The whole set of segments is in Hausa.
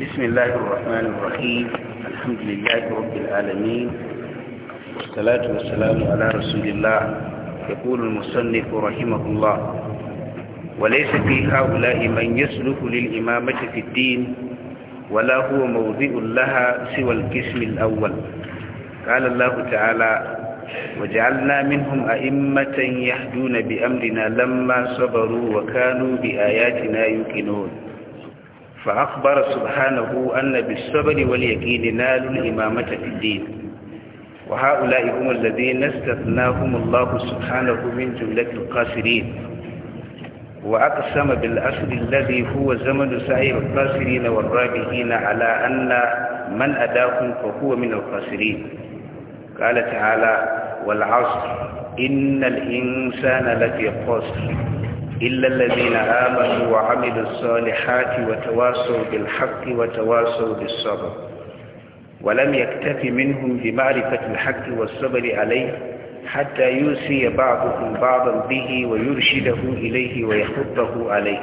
بسم الله الرحمن الرحيم الحمد لله رب العالمين والصلاة والسلام على رسول الله يقول المصنف رحمه الله وليس في هؤلاء من يسلك للإمامة في الدين ولا هو موضع لها سوى القسم الأول قال الله تعالى وجعلنا منهم أئمة يهدون بأمرنا لما صبروا وكانوا بآياتنا يوقنون فأخبر سبحانه أن بالصبر واليقين نالوا الإمامة في الدين وهؤلاء هم الذين استثناهم الله سبحانه من جملة القاسرين وأقسم بالأصل الذي هو زمن سعير القاسرين والرابعين على أن من أداهم فهو من القاسرين قال تعالى والعصر إن الإنسان لفي قصر إلا الذين آمنوا وعملوا الصالحات وتواصوا بالحق وتواصوا بالصبر ولم يكتف منهم بمعرفة الحق والصبر عليه حتى يوصي بعضهم بعضا به ويرشده إليه ويحضه عليه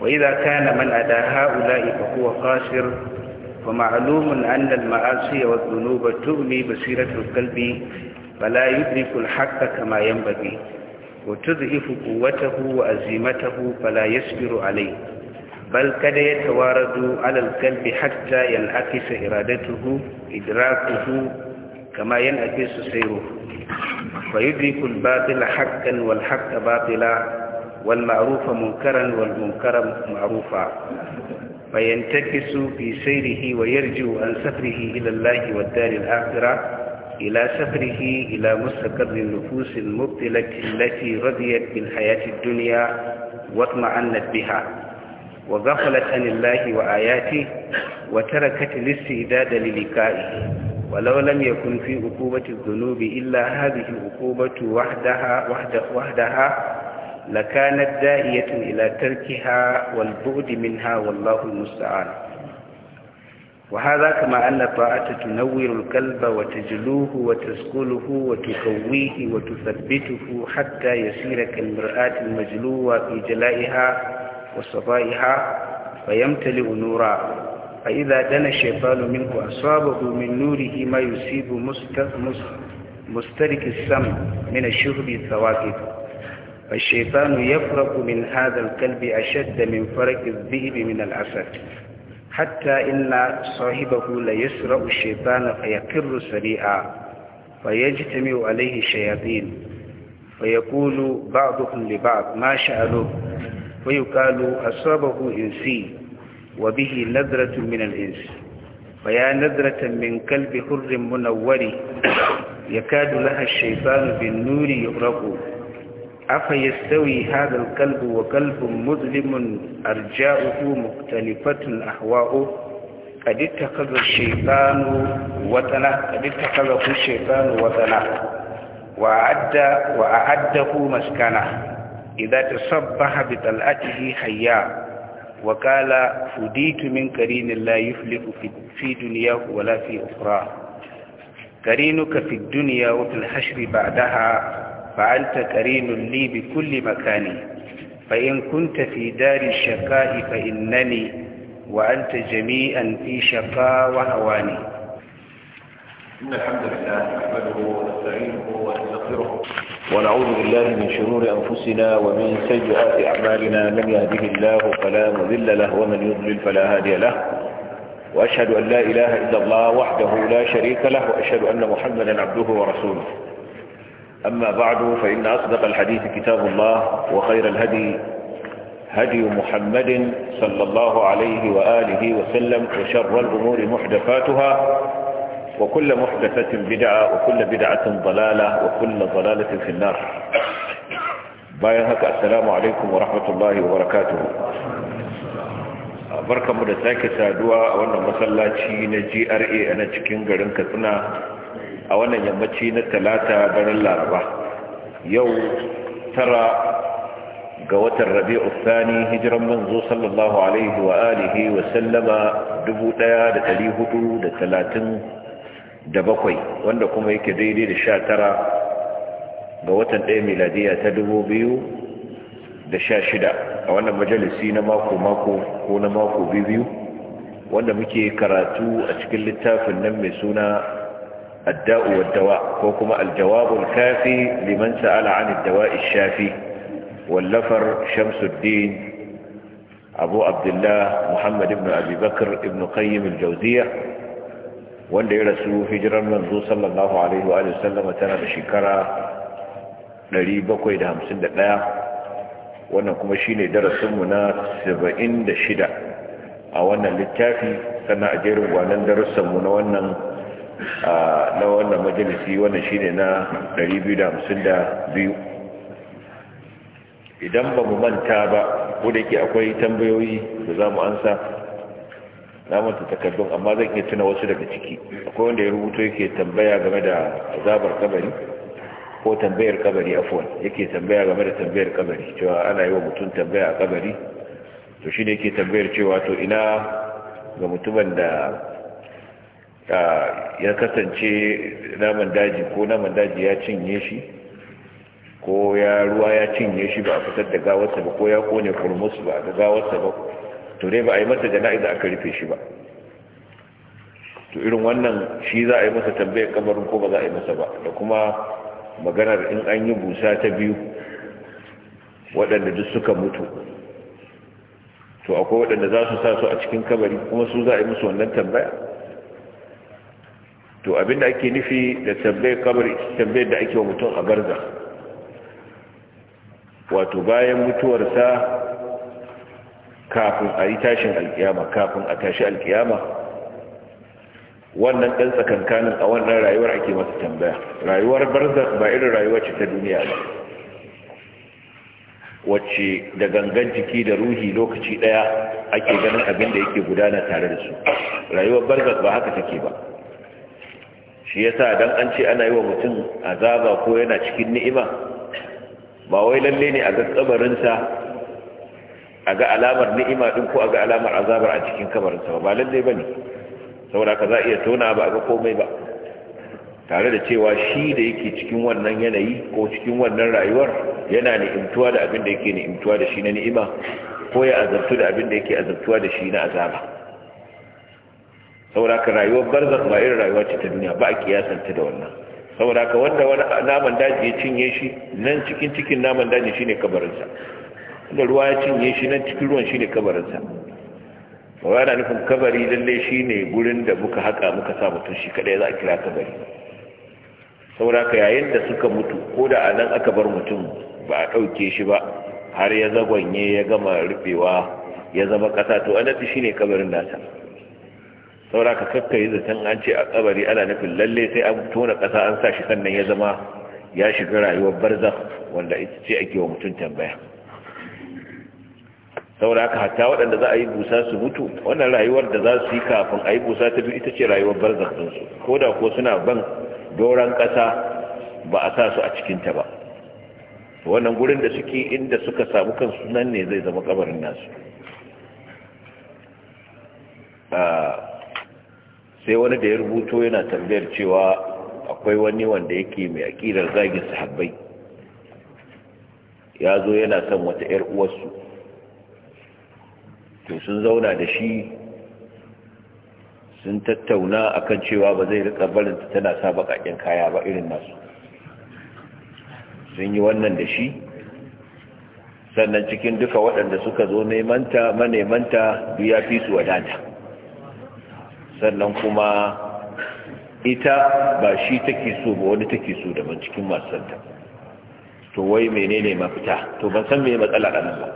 وإذا كان من أدى هؤلاء فهو خاسر فمعلوم أن المعاصي والذنوب تغني بصيرة القلب فلا يدرك الحق كما ينبغي وتضعف قوته وأزيمته فلا يصبر عليه بل كده يتوارد على القلب حتى ينعكس إرادته إدراكه كما ينعكس سيره فيدرك الباطل حقا والحق باطلا والمعروف منكرا والمنكر معروفا فينتكس في سيره ويرجو عن سفره إلى الله والدار الآخرة إلى سفره إلى مستقر النفوس المبتلة التي رضيت بالحياة الدنيا واطمأنت بها وغفلت عن الله وآياته وتركت الاستعداد للقائه ولو لم يكن في عقوبة الذنوب إلا هذه العقوبة وحدها, وحده وحدها لكانت داعية إلى تركها والبعد منها والله المستعان وهذا كما أن الطاعة تنور القلب وتجلوه وتسكله وتكويه وتثبته حتى يسير كالمرآة المجلوة في جلائها وصفائها فيمتلئ نورا فإذا دنا الشيطان منه أصابه من نوره ما يصيب مسترك السم من الشهب الثواكب فالشيطان يفرق من هذا الكلب أشد من فرق الذئب من الأسد حتى إن صاحبه ليسرع الشيطان فيقر سريعا فيجتمع عليه الشياطين فيقول بعضهم لبعض ما شأنه فيقال أصابه إنسي وبه نذرة من الإنس فيا نذرة من كلب حر منور يكاد لها الشيطان بالنور يغرقه أفيستوي هذا الكلب وكلب مظلم أرجاؤه مختلفة أهواؤه قد اتخذ الشيطان وطنا قد اتخذه الشيطان وطنا وأعد وأعده مسكنا إذا تصبح بطلعته حيا وقال فديت من كريم لا يفلح في دنياه ولا في أخرى كرينك في الدنيا وفي الحشر بعدها فأنت كريم لي بكل مكان فإن كنت في دار الشقاء فإنني وأنت جميعا في شقاء وهواني إن الحمد لله نحمده ونستعينه ونستغفره ونعوذ بالله من شرور أنفسنا ومن سيئات أعمالنا من يهده الله فلا مذل له ومن يضلل فلا هادي له وأشهد أن لا إله إلا الله وحده لا شريك له وأشهد أن محمدا عبده ورسوله أما بعد فإن أصدق الحديث كتاب الله وخير الهدي هدي محمد صلى الله عليه وآله وسلم وشر الأمور محدثاتها وكل محدثة بدعة وكل بدعة ضلالة وكل ضلالة في النار بايهك السلام عليكم ورحمة الله وبركاته barkanmu da sake saduwa a wannan masallaci na GRA a cikin garin Katsina a wannan yammaci na talata ganin laraba yau tara ga watan rabi'u thani hijiran manzo sallallahu alaihi wa alihi wa sallama bakwai, wanda kuma yake daidai da sha tara ga watan ɗaya miladiya ta da sha shida a wannan majalisi na mako-mako ko na mako biyu wanda muke karatu a cikin littafin nan mai suna الداء والدواء وكما الجواب الكافي لمن سأل عن الدواء الشافي واللفر شمس الدين أبو عبد الله محمد بن أبي بكر بن قيم الجوزية wanda ya rasu hijirar manzo sallallahu alaihi wa sallama tana da shekara 751 wannan kuma shine darasinmu na 76 a wannan littafi sannan a jerin gwanan darasinmu na wannan na wannan majalisi wannan shi ne na 252 idan ba mu manta ba ko da yake akwai tambayoyi da za mu ansa na mata takardun amma zan iya tuna wasu daga ciki akwai wanda ya rubuto yake tambaya game da azabar kabari ko tambayar kabari a afuwan yake tambaya game da tambayar kabari cewa ana yi wa mutum tambaya a kabari to shi ne yake tambayar cewa to ina ga mutumin da ya kasance naman daji ko naman daji ya cinye shi ko ya ruwa ya cinye shi ba a fitar da gawarsa ba ko ya kone kurmus ba ga gawarsa ba to dai ba a yi masa jana'iza aka rufe shi ba to irin wannan shi za a yi masa tambayar kamarin ko ba za a yi masa ba da kuma maganar in an yi busa ta biyu waɗanda duk suka mutu to akwai waɗanda za su sa su a cikin kabari kuma su za a yi musu wannan tambaya to abinda ake nufi da tambayar kabari tambayar da ake wa mutum a barza wato bayan mutuwarsa kafin a yi tashin alkiyama kafin a tashi alkiyama wannan ɗan tsakankanin a wannan rayuwar ake masa tambaya rayuwar barza ba irin rayuwar ce ta duniya ba wacce da gangan jiki da ruhi lokaci ɗaya ake ganin abin da yake gudana tare da su rayuwar barza ba haka take ba shi yasa dan an ce ana yi wa mutum azaba ko yana cikin ni'ima ba wai lalle ne a ga kabarinsa a ga alamar ni'ima din ko a ga alamar azabar a cikin kabarinsa ba ba lalle bane saboda ka za iya tona ba a ga komai ba tare da cewa shi da yake cikin wannan yanayi ko cikin wannan rayuwar yana ni'imtuwa da abin da yake ni'imtuwa da shi na ni'ima ko ya azabtu da abin da yake azabtuwa da shi na azaba saboda ka rayuwar barzan ba irin rayuwa ce ta duniya ba a kiyasanta da wannan saboda ka wanda wani naman daji ya cinye shi nan cikin cikin naman daji shine kabarinsa wanda ruwa ya cinye shi nan cikin ruwan shine kabarinsa ba yana nufin kabari lalle shine gurin da muka haka muka sa mutum shi kadai za a kira kabari saboda ka yayin da suka mutu ko da a nan aka bar mutum ba a ɗauke shi ba har ya zagwanye ya gama rufewa ya zama ƙasa to annabi shine kabarin nasa saura ka kakka yi zaton an ce a kabari ana nufin lalle sai an tona ƙasa an sa shi sannan ya zama ya shiga rayuwar barzakh wanda ita ce ake wa mutum tambaya saura haka hatta waɗanda za a yi busa su mutu wannan rayuwar da za su yi kafin a yi busa ta ita ce rayuwar barzakh ɗinsu ko da ko suna ban doron ƙasa ba a sa su a cikin ta ba wannan gurin da suke inda suka samu kansu nan ne zai zama kabarin nasu ah, sai wani da ya rubuto yana tambayar cewa akwai wani wanda yake mai aƙirar zagin sahabbai ya zo yana son wata 'yar uwarsu to sun zauna da shi sun tattauna akan cewa ba zai rika barinta tana sa baƙaƙen kaya ba irin nasu sun yi wannan da shi sannan cikin duka waɗanda suka zo nemanta manemanta biya fi su wadata sannan kuma ita ba shi take so ba wani take so da ban cikin masanta to wai menene mafita to ban san meye matsala a nan ba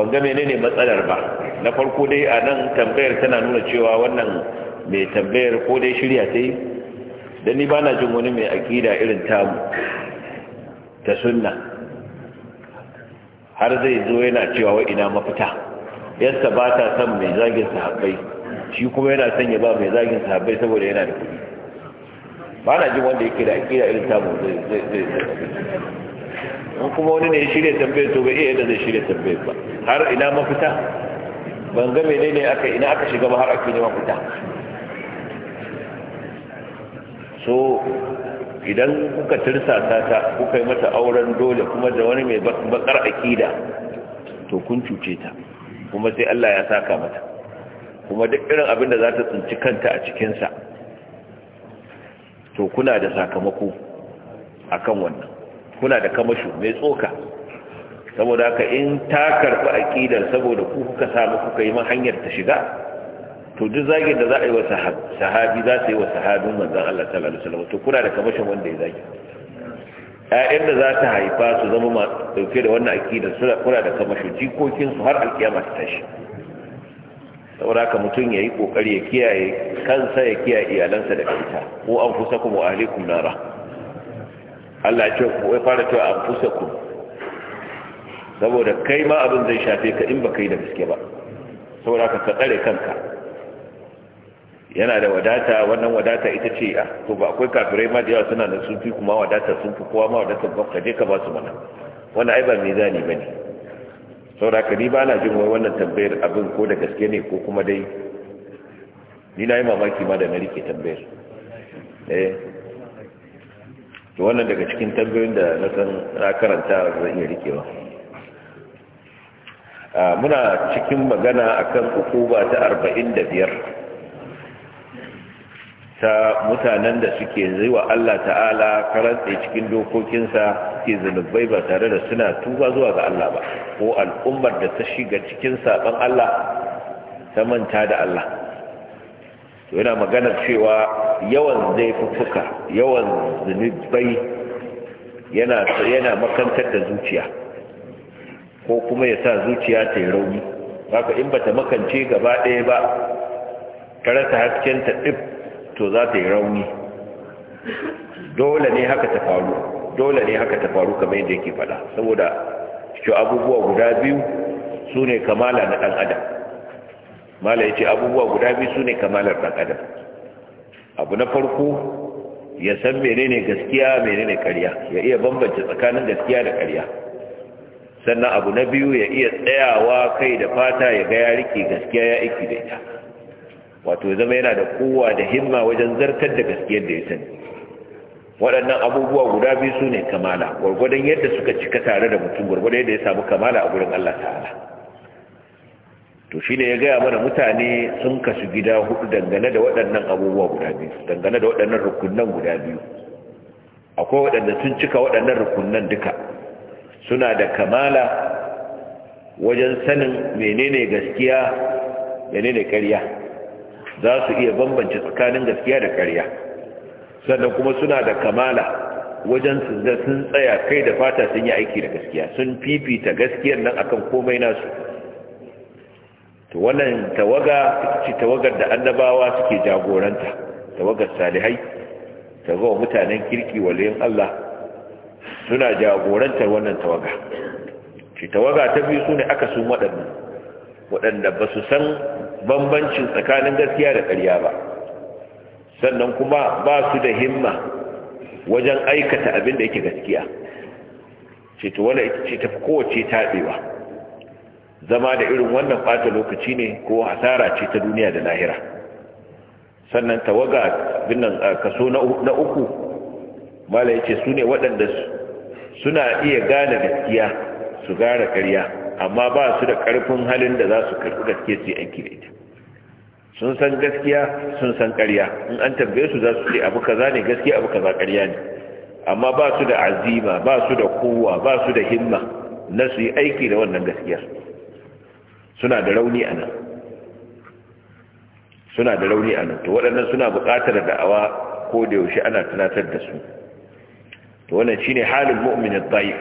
ban ga menene matsalar ba na farko dai a nan tambayar tana nuna cewa wannan mai tambayar ko dai shirya ta yi don ni ba na jin wani mai akida irin tamu ta sunna har zai zo yana cewa wa ina mafita yadda ba ta son mai zagin sahabbai shi kuma yana son ya ba mai zagin sahabbai saboda yana da kuɗi ba na jin wanda yake da aƙida irin tamu zai zai zai in kuma wani ne ya shirya tambayar to bai iya yadda zai shirya tambayar ba har ina mafita ban ga ne aka ina aka shiga ba har ake neman fita so idan kuka tirsasa ta kuka yi mata auren dole kuma da wani mai bakar aƙida to kun cuce ta kuma sai Allah ya saka mata kuma duk irin abin da za ta tsinci kanta a cikinsa to kuna da sakamako akan wannan kuna da kamashu mai tsoka saboda haka in ta karɓi aƙidar saboda ku kuka samu kuka yi hanyar ta shiga to duk zagin da za a yi wa sahabi za su yi wa sahabin manzan Allah sallallahu alaihi wasallam to kuna da kamashin wanda ya zagi ƴaƴan da za ta haifa su zama masu ɗauke da wannan da suna kula da kamasho jikokinsu har alkiyama ta tashi saboda ka mutum ya yi ƙoƙari ya kiyaye kansa ya kiyaye iyalansa da kanta ko an kusa kuma wa alaikum nara Allah ce ku ya fara cewa an kusa ku saboda kai ma abin zai shafe ka in ba kai da gaske ba saboda ka tsare kanka yana da wadata wannan wadata ita ce a ah, to ba akwai kafirai ma da yawa suna da sun fi kuma wadata sun fi kowa ma wadata ba ka je ka ba su mana wani ai ba mizani ba ne saboda ka ni ba na jin wai wannan tambayar abin ko da gaske ne ko kuma dai ni na yi mamaki ma da na rike tambayar eh to wannan daga cikin tambayoyin da na san na karanta zan iya rikewa ah, muna cikin magana akan ba ta 45 ta mutanen da suke zai wa Allah ta'ala karatse cikin dokokinsa ke zunubai ba tare da suna tuba zuwa ga Allah ba ko al'ummar da ta shiga cikin saɓon Allah ta manta da Allah to yana maganar cewa yawan zai fuka yawan zunubai yana yana makantar da zuciya ko kuma ya sa zuciya ta yi rauni haka in ba ta makance gaba ɗaya ba karata rasa haskenta ɗin to za ta yi rauni dole ne haka ta faru dole ne haka ta faru kamar yadda yake faɗa saboda shi abubuwa guda biyu su ne kamala na ɗan adam mala ya ce abubuwa guda biyu su ne kamalar ɗan adam abu na farko ya san menene gaskiya menene ƙarya ya iya bambance tsakanin gaskiya da ƙarya sannan abu na biyu ya iya tsayawa kai da fata ya ga ya rike gaskiya ya iki da ita wato zama yana da kowa da himma wajen zartar da gaskiyar da ya sani waɗannan abubuwa guda biyu su ne kamala gwargwadon yadda suka cika tare da mutum gwargwadon yadda ya samu kamala a gurin Allah ta'ala to shi ne ya gaya mana mutane sun kasu gida hudu dangane da waɗannan abubuwa guda biyu dangane da waɗannan rukunan guda biyu akwai waɗanda sun cika waɗannan rukunan duka suna da kamala wajen sanin menene gaskiya menene ƙarya za su iya bambance tsakanin gaskiya da ƙarya sannan kuma suna da kamala wajen sun tsaya kai da fata sun yi aiki da gaskiya sun fifita gaskiyar nan akan komai nasu to wannan tawaga ce tawagar da annabawa suke jagoranta tawagar salihai tawagar mutanen kirki waliyin Allah suna jagorantar wannan tawaga ce tawaga ta biyu su ne aka sun waɗanda waɗanda ba su san bambancin tsakanin gaskiya da ƙarya ba sannan kuma ba su da himma wajen aikata abin da yake gaskiya ceto wanda ita ce tafi kowace taɓewa zama da irin wannan ɓata lokaci ne ko hasara ce ta duniya da lahira sannan tawaga binnan kaso na uku mala ya ce su ne waɗanda suna iya gane gaskiya su gane ƙarya amma ba su da ƙarfin halin da za su karɓi gaske su yi aiki da ita sun san gaskiya sun san ƙarya in an tambaye su za su ce abu kaza ne gaskiya abu kaza ƙarya ne amma ba su da azima ba su da kowa ba su da himma na su yi aiki da wannan gaskiya suna da rauni a nan suna da rauni a nan to waɗannan suna buƙatar da'awa ko da yaushe ana tunatar da su to wannan shine halin mu'minin da'if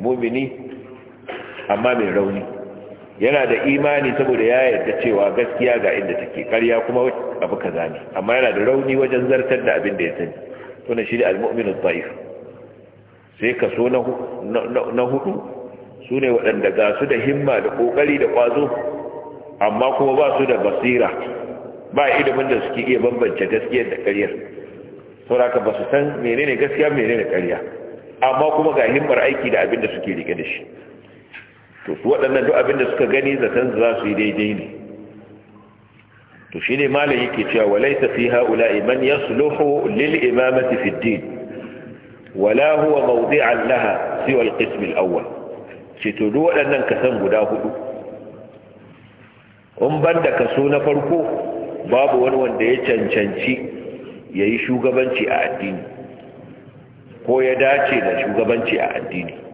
mu'mini amma mai rauni yana da imani saboda ya yarda cewa gaskiya ga inda take karya kuma abu kaza ne amma yana da rauni wajen zartar da abin da ya sani to ne shi da almu'minu dhaif sai kaso na na hudu sune waɗanda ga su da himma da kokari da kwazo amma kuma ba su da basira ba ilimin da suke iya bambance gaskiyar da ƙarya, sauraka ba su san menene gaskiya menene ƙarya amma kuma ga himmar aiki da abin da suke rike da shi to su waɗannan duk abin da suka gani zaton za su yi daidai ne to shi ne malam yake cewa walaita fi ha'ula'i man yasluhu lil imamati fi din wala huwa mawdi'an laha siwa al-qism al-awwal ce to duk waɗannan kasan guda hudu in ban da kaso na farko babu wani wanda ya cancanci ya yi shugabanci a addini ko ya dace da shugabanci a addini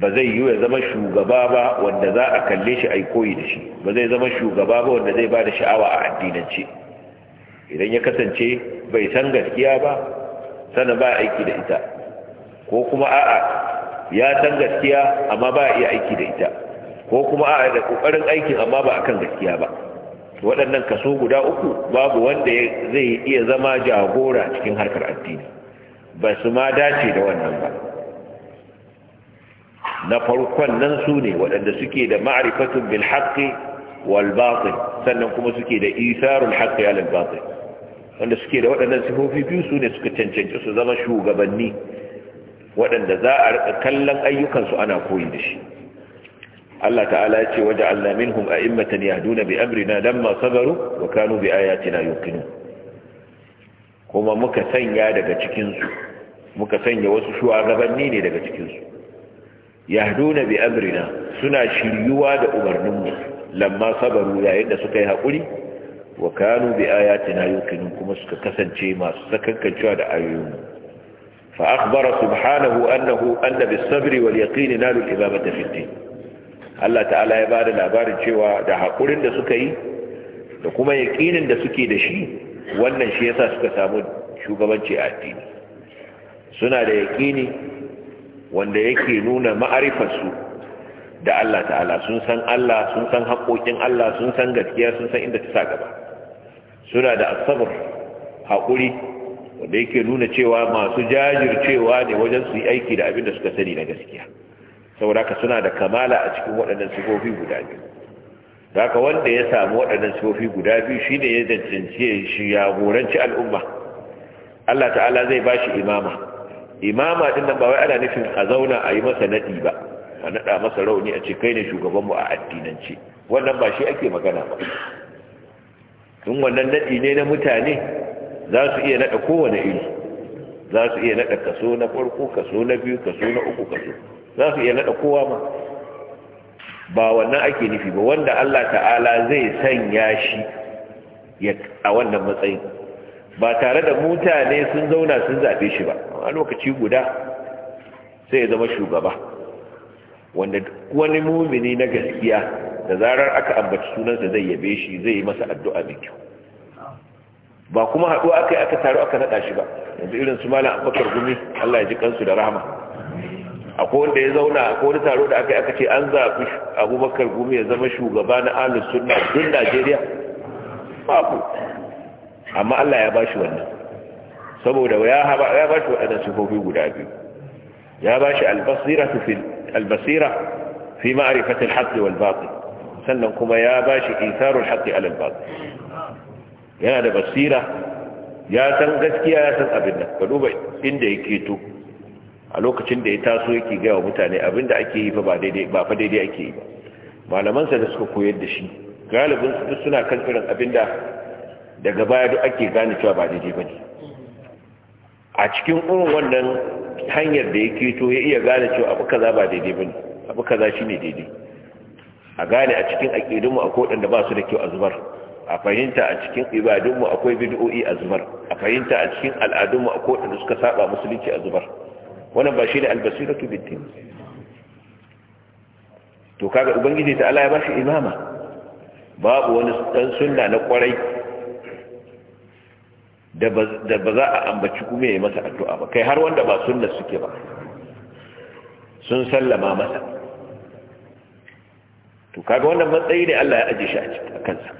ba zai yi ya zama shugaba ba wanda za a kalle shi ai koyi da shi ba zai zama shugaba ba wanda zai ba da sha'awa a addinance idan ya kasance bai san gaskiya ba sana ba aiki da ita ko kuma a'a ya san gaskiya amma ba iya aiki da ita ko kuma a'a da kokarin aikin amma ba akan gaskiya ba waɗannan kaso guda uku babu wanda zai iya zama jagora cikin harkar addini ba su ma dace da wannan ba na farkon nan su ne waɗanda suke da ma'rifatun bil haqqi wal sannan kuma suke da Isarun haqqi ala al wanda suke da waɗannan sifofi biyu su ne suka cancanci su zama shugabanni waɗanda za a rika kallon ayyukansu ana koyi da shi Allah ta'ala ya ce waje Allah minhum a'immatan yahduna bi amrina lamma sabaru wa kanu bi ayatina yuqinun kuma muka sanya daga cikin su muka sanya wasu shugabanni ne daga cikin su yahduna bi amrina suna shiryuwa da umarninmu lamma sabaru yayin da suka yi haƙuri wa kanu bi ayatina yuqinun kuma suka kasance masu sakankancewa da ayoyinmu fa akhbara subhanahu annahu anna bis sabri wal yaqin nalu al fi din Allah ta'ala ya bada labarin cewa da haƙurin da suka yi da kuma yaqinin da suke da shi wannan shi yasa suka samu shugabanci a addini suna da yaqini wanda yake nuna ma'arifarsu da Allah ta'ala sun san Allah sun san haƙoƙin Allah sun san gaskiya sun san inda ta sa gaba suna da asabar haƙuri wanda yake nuna cewa masu jajircewa ne wajen su yi aiki da abin da suka sani na gaskiya saboda ka suna da kamala a cikin waɗannan sifofi guda biyu Da ka wanda ya samu waɗannan sifofi guda biyu shine ya dancance shi ya goranci al'umma Allah ta'ala zai bashi imama imama din nan ba wai ana nufin a zauna a yi masa nadi ba a nada masa rauni a ce kai ne mu a addinance wannan ba shi ake magana ba in wannan nadi ne na mutane za su iya nada kowane iri za su iya nada kaso na farko kaso na biyu kaso na uku kaso za su iya nada kowa ma ba wannan ake nufi ba wanda Allah ta'ala zai sanya shi a wannan matsayin ba tare da mutane sun zauna sun zaɓe shi ba a lokaci guda sai ya zama shugaba wanda wani mumini na gaskiya da zarar aka ambaci sunansa zai yabe shi zai yi masa addu'a mai kyau ba kuma haɗu aka yi aka taru aka naɗa shi ba yanzu irin su malam abubakar gumi allah ya ji kansu da rahama akwai wanda ya zauna akwai wani taro da aka yi aka ce an zaɓi abubakar gumi ya zama shugaba na alisun na duk najeriya babu amma Allah ya bashi wannan saboda ya haba ya bashi wadannan sifofi guda biyu ya bashi al-basira fi al-basira fi al-haqq wal-batil sannan kuma ya bashi itharul haqq ala al-batil yana da basira ya san gaskiya ya san abin nan ka duba inda yake to a lokacin da ya taso yake ga wa mutane abin da ake yi fa ba daidai ba fa daidai ake yi ba malaman sa da suka koyar da shi galibin su suna kan irin abin da daga baya duk ake gane cewa ba daidai ba ne a cikin irin wannan hanyar da ya keto ya iya gane cewa abu kaza ba daidai ba ne abu kaza shi ne daidai a gane a cikin aƙidunmu akwai waɗanda ba su da kyau a zubar a fahimta a cikin ibadunmu akwai bid'o'i a zubar a fahimta a cikin al'adunmu akwai waɗanda suka saba musulunci a zubar wannan ba shi ne albasiratu bintin to kaga ubangiji ta Allah ya shi imama babu wani dan sunna na kwarai da ba za a ambaci kuma ya yi masa addu'a ba kai har wanda ba sunna suke ba sun sallama masa to kaga wannan matsayi ne Allah ya aje shi a kansa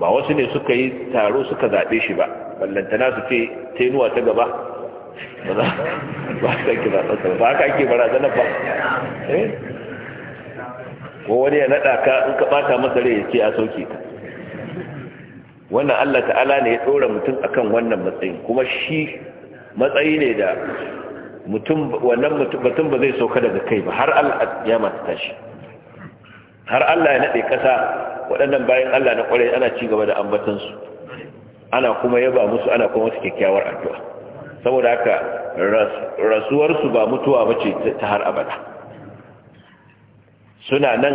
ba wasu ne suka yi taro suka zaɓe shi ba ballantana su ce tenuwa ta gaba ba za ba ta ki ba tsasa ba haka ake ba eh? ko wani ya naɗa ka in ka ɓata masa rai ya ce a sauke ka wannan Allah ta'ala ne ya dora mutum akan wannan matsayin kuma shi matsayi ne da mutum wannan mutum ba zai sauka daga kai ba har Allah ya mata tashi har Allah ya nade kasa waɗannan bayan Allah na kware ana ci gaba da ambatan su ana kuma yaba musu ana kuma musu kyakkyawar addu'a saboda haka rasuwar su ba mutuwa bace ta har abada suna nan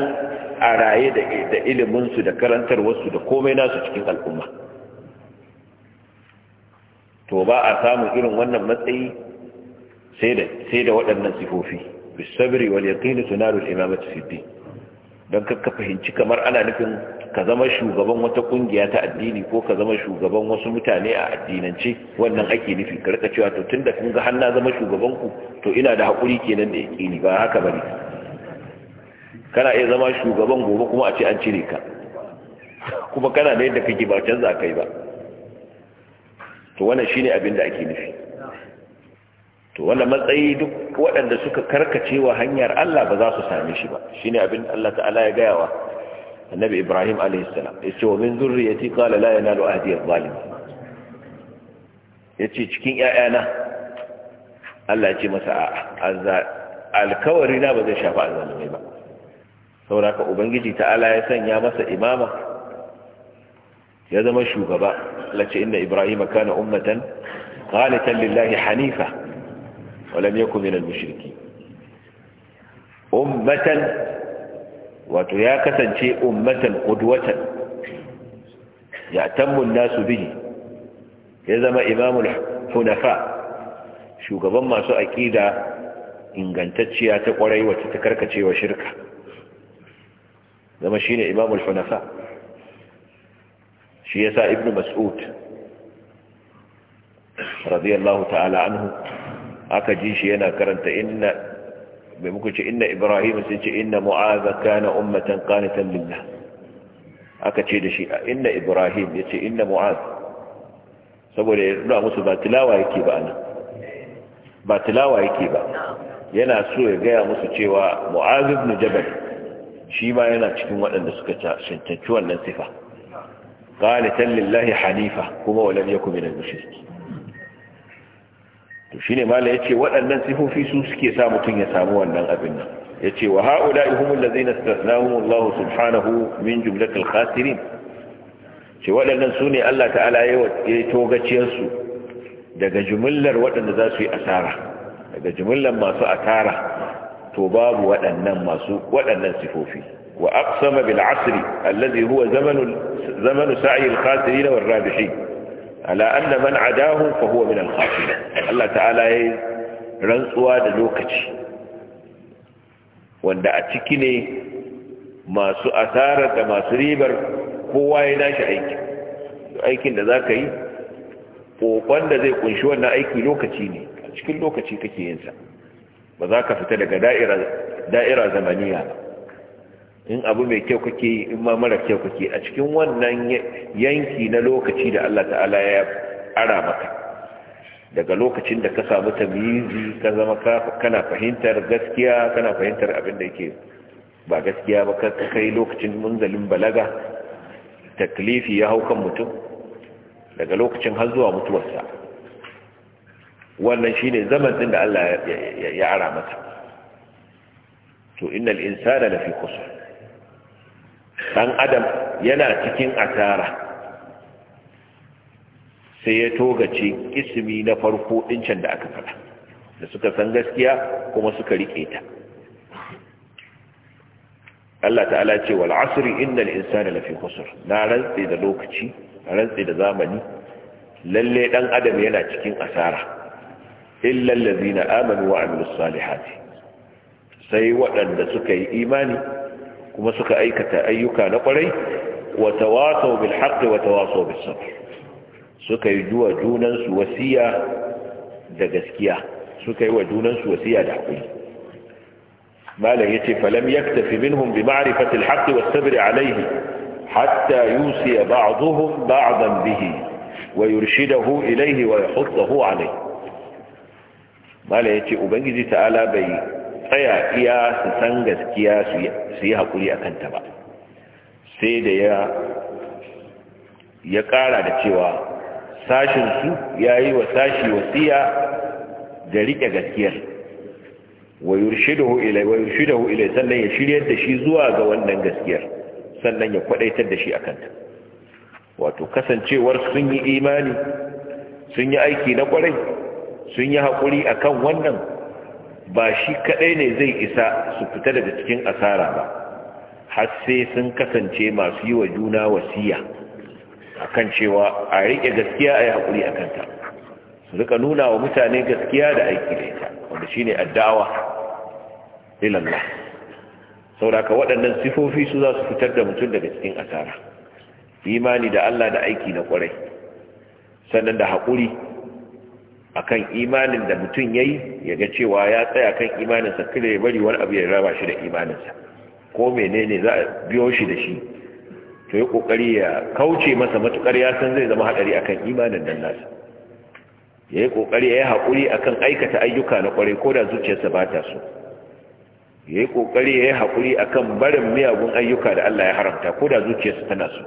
a raye da iliminsu da karantarwarsu da komai nasu cikin al'umma to ba a samun irin wannan matsayi sai da waɗannan sifofi bisabiri wal yaqini tunarul imamatu siddi don ka fahimci kamar ana nufin ka zama shugaban wata kungiya ta addini ko ka zama shugaban wasu mutane a addinance wannan ake nufi ka rika cewa to tunda kun ga har na zama shugaban ku to ina da hakuri kenan da yaqini ba haka bane kana iya zama shugaban gobe kuma a ce an cire ka kuma kana da yadda kake ba canza kai ba to wannan shine abin da ake nufi to wannan matsayi duk waɗanda suka karkacewa hanyar Allah ba za su same shi ba shine abin Allah ta'ala ya gaya wa annabi Ibrahim alayhi salam yace wa min zurriyati qala la yanalu ahdi adh-dhalim yace cikin ƴaƴana Allah ya ce masa a'a alkawari na ba zai shafa azalumai ba saboda haka ubangiji ta'ala ya sanya masa imama ya zama shugaba lace inda ibrahim kana ummatan qanitan lillahi hanifa wa lam yakun minal mushriki ummatan wato ya kasance ummatan qudwatan Ya an-nasu bihi ya zama imamul hunafa shugaban masu aqida ingantacciya ta kwarai wacce ta karkacewa shirka zama shine imamul hunafa shi ya sa Ibn mas'ud radiyallahu ta'ala anhu aka ji shi yana karanta inna bai muku ce inna ibrahim sun ce inna mu'aza kana ummatan qanitan lillah aka ce da shi inna ibrahim ya ce inna mu'az saboda ya nuna musu ba tilawa yake ba ana ba tilawa yake ba yana so ya gaya musu cewa mu'az ibn jabal shi ma yana cikin waɗanda suka cancanci wannan sifa qalitan lillahi hanifa kuma walam yakun min al-mushriki to shine mala yace waɗannan sifofi su suke sa mutum ya samu wannan abin nan yace wa haula'i humul ladzina istathnahum Allah subhanahu min jumlatil khasirin ce waɗannan su ne Allah ta'ala ya togaciyar su daga jumillar waɗanda za su yi asara daga jumillar masu asara to babu waɗannan masu waɗannan sifofi wa aqsama bil asri allazi huwa zamanu zamanu sa'i al khasirin wal rabihin ala anna man adahu fa huwa min al khasirin Allah ta'ala yayi rantsuwa da lokaci wanda a ciki ne masu asarar da masu ribar kowa ya nashi aiki aikin da za ka yi kokon da zai kunshi wannan aiki lokaci ne a cikin lokaci kake yin sa ba za ka fita daga da'ira zamaniya in abu mai kyau kake in ma mara kyau kake a cikin wannan yanki na lokaci da Allah ta'ala ya ara maka daga lokacin da ka samu tamizi ka zama kana fahimtar gaskiya kana fahimtar abin da yake ba gaskiya ba ka kai lokacin munzalin balaga taklifi ya hau kan mutum daga lokacin har zuwa mutuwarsa wannan shine zaman din da Allah ya ara mata to innal na fi khusr dan adam yana cikin asara sai ya togace ismi na farko dincin da aka fada da suka san gaskiya kuma suka rike ta Allah ta'ala ce wal asri innal insana lafi khusr na rantsi da lokaci rantsi da zamani lalle dan adam yana cikin asara إلا الذين آمنوا وعملوا الصالحات سي وأن سكي إيمان كما سكى أيكة أيكا نقري وتواصوا بالحق وتواصوا بالصبر سكي جوا جونا سوسيا دقسكيا سكي وجونا سوسيا دعوين ما لهيتي فلم يكتف منهم بمعرفة الحق والصبر عليه حتى يوصي بعضهم بعضا به ويرشده إليه ويحضه عليه mala ya ce ubangiji ta'ala bai tsaya iya su san gaskiya su yi haƙuri a kanta ba sai da ya ya ƙara da cewa sashinsu ya yi wa sashi wasiya da riƙe gaskiyar wa da ilai sannan ya shiryar da shi zuwa ga wannan gaskiyar sannan ya kwadaitar da shi a kanta wato kasancewar sun yi imani sun yi aiki na kwarai sun yi haƙuri kan wannan ba shi kaɗai ne zai isa su fita daga cikin asara ba har sai sun kasance masu yi wa juna wasiya kan cewa a riƙe gaskiya a yi haƙuri a kanta su rika nuna wa mutane gaskiya da aiki da ita wanda shine addawa ilallah sauraka waɗannan sifofi su za su fitar da mutum daga cikin asara imani da Allah da aiki na ƙwarai sannan da haƙuri akan imanin da mutum yayi ya ga cewa ya tsaya kan imaninsa kada ya bari wani abu ya raba shi da imanin sa ko menene za a biyo shi da shi to yi kokari ya kauce masa matukar ya san zai zama hadari akan imanin nan nasa ya yi kokari ya yi haƙuri akan aikata ayyuka na kwarai ko da zuciyarsa ba ta so ya yi kokari ya yi haƙuri akan barin miyagun ayyuka da Allah ya haramta ko da zuciyarsa tana so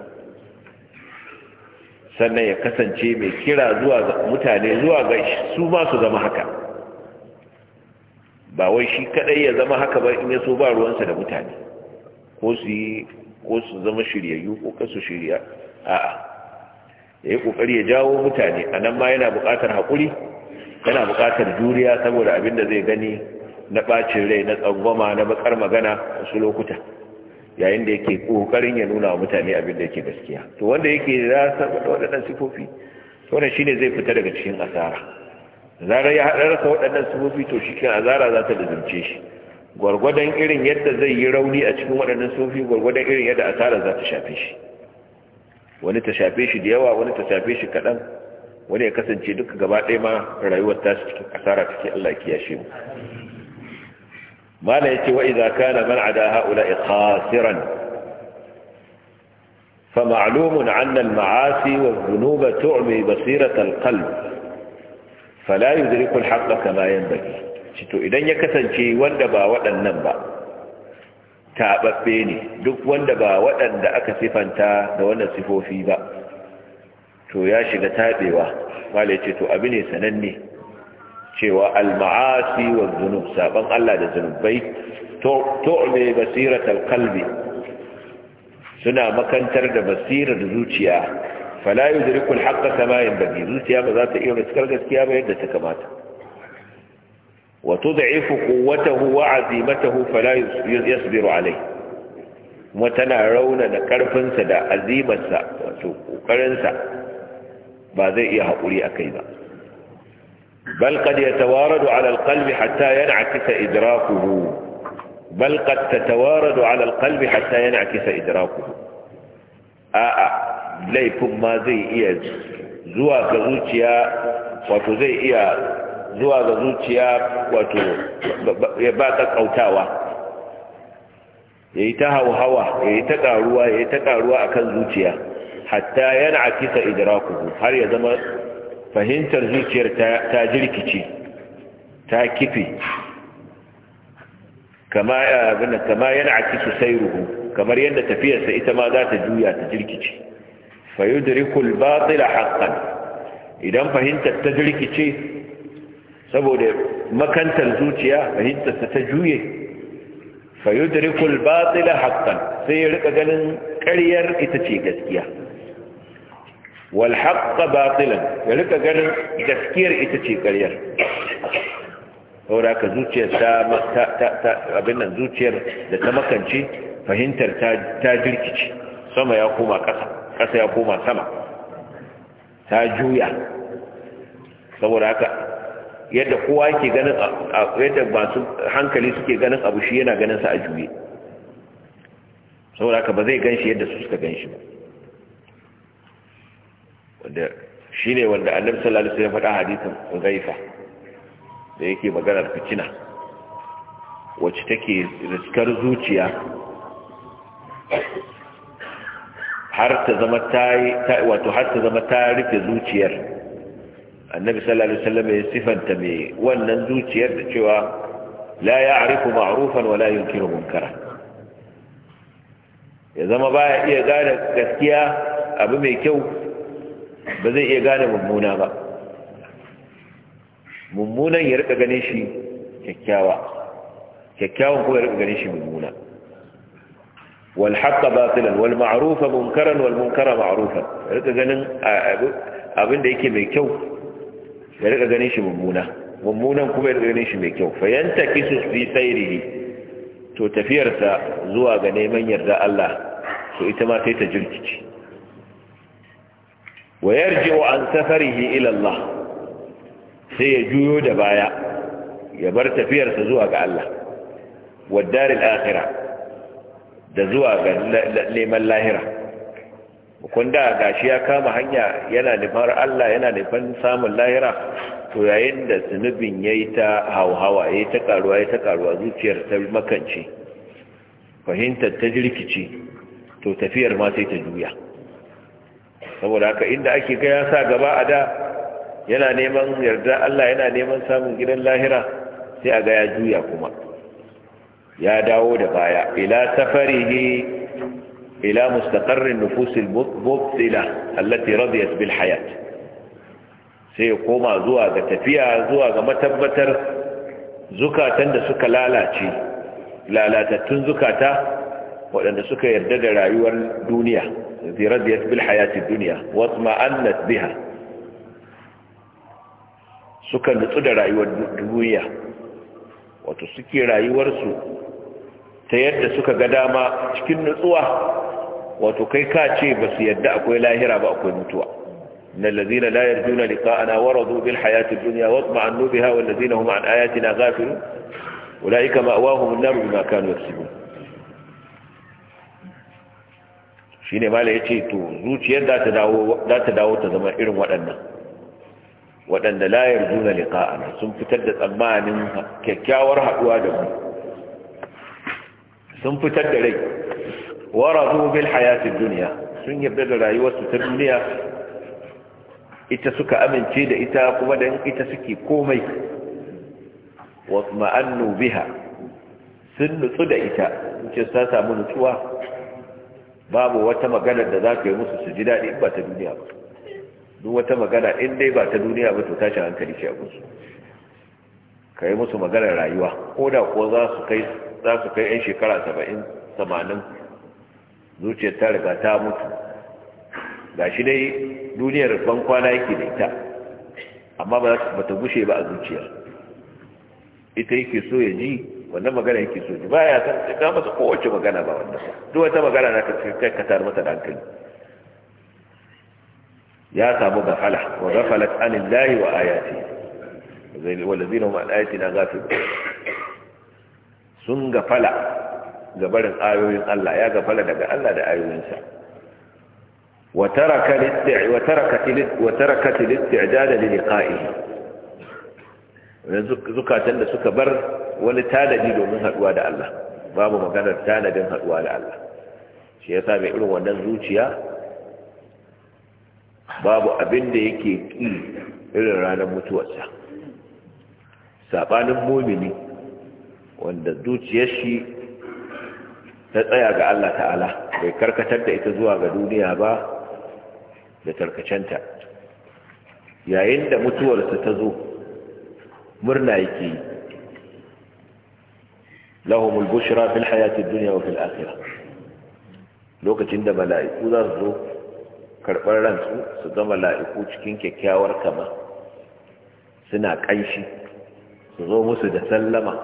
sannan ya kasance mai kira zuwa ga mutane zuwa ga su ma su zama haka ba wai shi kadai ya zama haka ba in ya so ba ruwansa da mutane ko su yi ko su zama shiryayyu ko kasu shirya a'a ya yi kokari ya jawo mutane a nan ma yana bukatar haƙuri yana buƙatar juriya saboda abin da zai gani na ɓacin rai na tsangwama na bakar magana wasu lokuta yayin da yake kokarin ya nuna wa mutane abin da yake gaskiya to wanda yake ya saba waɗannan sifofi wannan shine zai fita daga cikin asara zarar ya haɗa rasa waɗannan sifofi to shi kan azara za ta lizumce shi gwargwadon irin yadda zai yi rauni a cikin wadannan sifofi gwargwadon irin yadda asara za ta shafe shi wani ta shafe shi da yawa wani ta shafe shi kaɗan wani ya kasance duka gaba ɗaya ma rayuwar ta cikin asara take Allah ya kiyashe mu ما لا يتي وإذا كان من عدا هؤلاء خاسرا فمعلوم عن المعاصي والذنوب تعمي بصيرة القلب فلا يدرك الحق كما ينبغي cito idan ya kasance wanda ba waɗannan ba taɓaɓɓe ne duk wanda ba waɗanda aka sifanta da wannan sifofi ba to ya shiga taɓewa wale ce to abu ne sananne cewa al-ma'asi wa zunub saban Allah da zunubai tu'me basiratal qalbi suna makantar da basirar zuciya fala yudriku al-haqqa kama yanbaghi zuciya ba za ta iya riskar gaskiya ba yadda ta kamata wa tud'ifu quwwatahu wa 'azimatahu fala yasbiru alayhi kuma tana rauna da karfinsa da azimarsa wato ƙoƙarinsa. ba zai iya haƙuri a kai ba بل قد يتوارد على القلب حتى ينعكس إدراكه بل قد تتوارد على القلب حتى ينعكس إدراكه آآ ليكم ما زي إيا زوا غزوتيا واتو زي زوا غزوتيا واتو يباتك أوتاوة يتها وهوى يتقع روى يتقع روى أكل زوتيا حتى ينعكس إدراكه هل يزمر fahimtar zuciyar ta jirkice ta kife kama eh, yana a kisu sai ruhu kamar yadda tafiyarsa ita ma za ta juya ta jirkice fayudrikul batila haqqan idan fahimtar ta jirkice saboda makantar zuciya fahimtar ta juye fayudrikul batila haqqan sai ya rika ganin ƙaryar ita ce gaskiya wal haqqa batilan ya rika ganin gaskiyar ita ce ƙaryar saboda zuciyar ta abin nan zuciyar da ta makance fahimtar ta jirkice sama ya koma ƙasa ƙasa ya koma sama ta juya saboda haka yadda kowa ke ganin yadda masu hankali suke ganin abu shi yana ganin sa a juye saboda haka ba zai ganshi yadda su suka ganshi ba shine wanda annabi sallallahu alaihi wasallam faɗa hadisin gaifa da yake maganar fitina wacce take riskar zuciya har ta zama ta wato har ta zama ta rufe zuciyar annabi sallallahu alaihi wasallam ya sifanta mai wannan zuciyar da cewa la ya'rifu ma'rufan wa la yunkiru munkara ya zama baya iya gane gaskiya abu mai kyau ba zai iya gane mummuna ba mummunan ya rika ganin shi kyakkyawa kyakkyawan kuma ya rika ganin shi mummuna wal haqqa batilan wal ma'rufa munkaran wal munkara ma'rufa ya rika ganin abin da yake mai kyau ya rika ganin shi mummuna mummunan kuma ya rika ganin shi mai kyau fa yantakisu fi sayrihi to tafiyarsa zuwa ga neman yarda Allah to ita ma sai ta jirkice wa yarji'u an safarihi ilallah sai ya juyo da baya ya bar tafiyarsa zuwa ga Allah wa daril akhirah da zuwa ga neman lahira kun da gashi ya kama hanya yana nufar Allah yana nufan samun lahira to yayin da zunubin yayi ta hauhawa yayi ta karuwa yi ta karuwa zuciyar ta makance fahimtar ta jirkice to tafiyar ma sai ta juya saboda haka inda ake ga ya sa gaba a da yana neman yarda Allah yana neman samun gidan lahira sai a ga ya juya kuma ya dawo da baya ila safarihi ila mustaqarrin nufusil mubtila allati radiyat bil hayat sai koma zuwa ga tafiya zuwa ga matabbatar zukatan da suka lalace lalatattun zukata waɗanda suka yarda da rayuwar duniya ya ziradiyat bil hayatid dunya watma'annat biya suka nutsu da rayuwar duniya wato suke rayuwarsu ta yadda suka ga dama cikin nutsuwa wato kai ka ce ba su yadda akwai lahira ba akwai mutuwa innal ladina la yarjuna liqa'ana waradu bil duniya, dunya watma'annu biha wal lazina kuma an ayatina ghafilun ulaika ma'wahum an-nar bima kanu yaksubun shi ne mala ya ce to zuciyar za ta dawo ta zama irin waɗannan waɗanda layar juna liƙa'ana sun fitar da tsammanin kyakkyawar haɗuwa da mu sun fitar da rai wara zuwa bil hayatin duniya sun yarda da rayuwarsu ta duniya ita suka amince da ita kuma da ita suke komai wasu ma'annu biha sun nutsu da ita ce ta samu nutsuwa babu wata magana da za ka yi musu su ji daɗi in ba ta duniya ba duk wata magana in dai ba ta duniya ba to tashi hankali ce a gusu ka yi musu maganar rayuwa ko da ko za su kai yan shekara saba'in samanin zuciyar ta riga ta mutu ga shi dai duniyar ban kwana yake da ita amma ba ta gushe ba a zuciyar ita yake so ya ji wannan magana yake so ji baya san sai ka masa kowace magana ba wannan duk wata magana na kai ka tar mata hankali ya samu gafala wa gafalat anillahi wa ayati zai walazina hum an ayatina ghafilun sun gafala ga barin ayoyin Allah ya gafala daga Allah da ayoyinsa wa taraka listi'i wa taraka wa taraka listi'jada li liqa'ihi zukatan da suka bar wani tanadi domin haduwa da Allah babu maganar tanadin haduwa da Allah shi yasa mai irin wannan zuciya babu abin da yake ki irin ranar mutuwarsa saɓanin mumini wanda zuciyar shi ta tsaya ga Allah ta'ala bai karkatar da ita zuwa ga duniya ba da tarkacenta yayin da mutuwarsa ta zo murna yake yi lahumul bushra fil hayati dunya wa fil akhirah lokacin da mala'iku zasu zo karɓar ransu su ga mala'iku cikin kyakkyawar kama suna ƙanshi su zo musu da sallama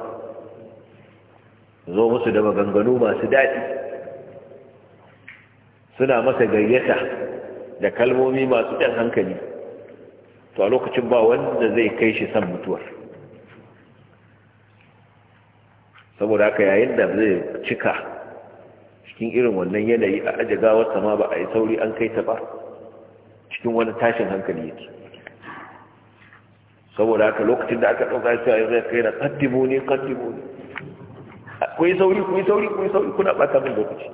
su zo musu da maganganu masu daɗi suna masa gayyata da kalmomi masu yan hankali to a lokacin ba wanda zai kai shi son mutuwar saboda haka yayin da zai cika cikin irin wannan yanayi a aje gawarsa ma ba a yi sauri an kai ta ba cikin wani tashin hankali yake saboda haka lokacin da aka ɗauka cewa zai kai na kaddimu ne kaddimu ne ku yi sauri ku yi sauri ku yi sauri kuna ɓata min lokaci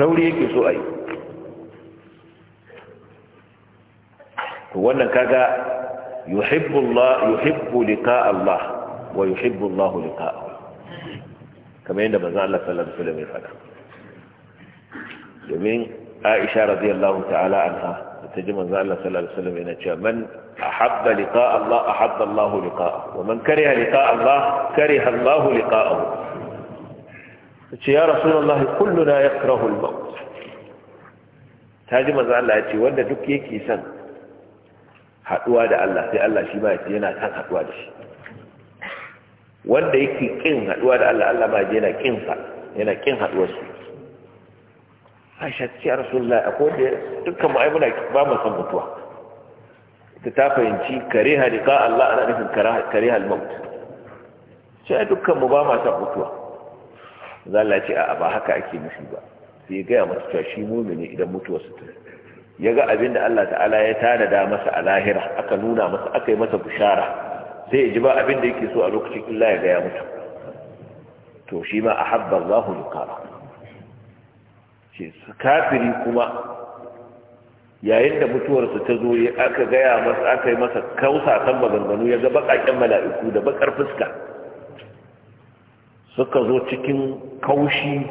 sauri yake so a yi to wannan kaga yuhibbu Allah yuhibbu liqa Allah wa yuhibbu Allahu liqa'ahu kamar yadda manzo Allah sallallahu alaihi wasallam ya faɗa domin Aisha radiyallahu ta'ala anha ta ji manzo Allah sallallahu alaihi wasallam cewa man ahabba liqa Allah ahabba Allah liqa'ahu wa man kariha liqa Allah kariha Allah ce ya rasulullahi kulluna ya kira maut ta ji manzo Allah ya ce wanda duk yake son haduwa da Allah sai Allah shi ba yana kan haɗuwa da shi wanda yake kin haduwa da Allah Allah ba je yana kin sa yana kin haduwa shi Aisha ce ya Rasulullahi akwai da dukkan mu ai muna ba mu san mutuwa ta ta fahimci kare liqa Allah ana nufin kare al-maut sai dukkan mu ba ma san mutuwa zalla ce a ba haka ake nufi ba sai ya gaya mata cewa shi mumini idan mutuwa su ta ya ga abin da Allah ta'ala ya tanada masa a lahira aka nuna masa aka yi masa bushara. sai ji ba abin da yake so a lokacin illa ya gaya mutu to shi ma a habba Allahu liqara shi kafiri kuma yayin da mutuwarsu ta zo aka gaya masa aka yi masa kausatan maganganu ya ga baƙaƙen mala'iku da baƙar fuska suka zo cikin kaushi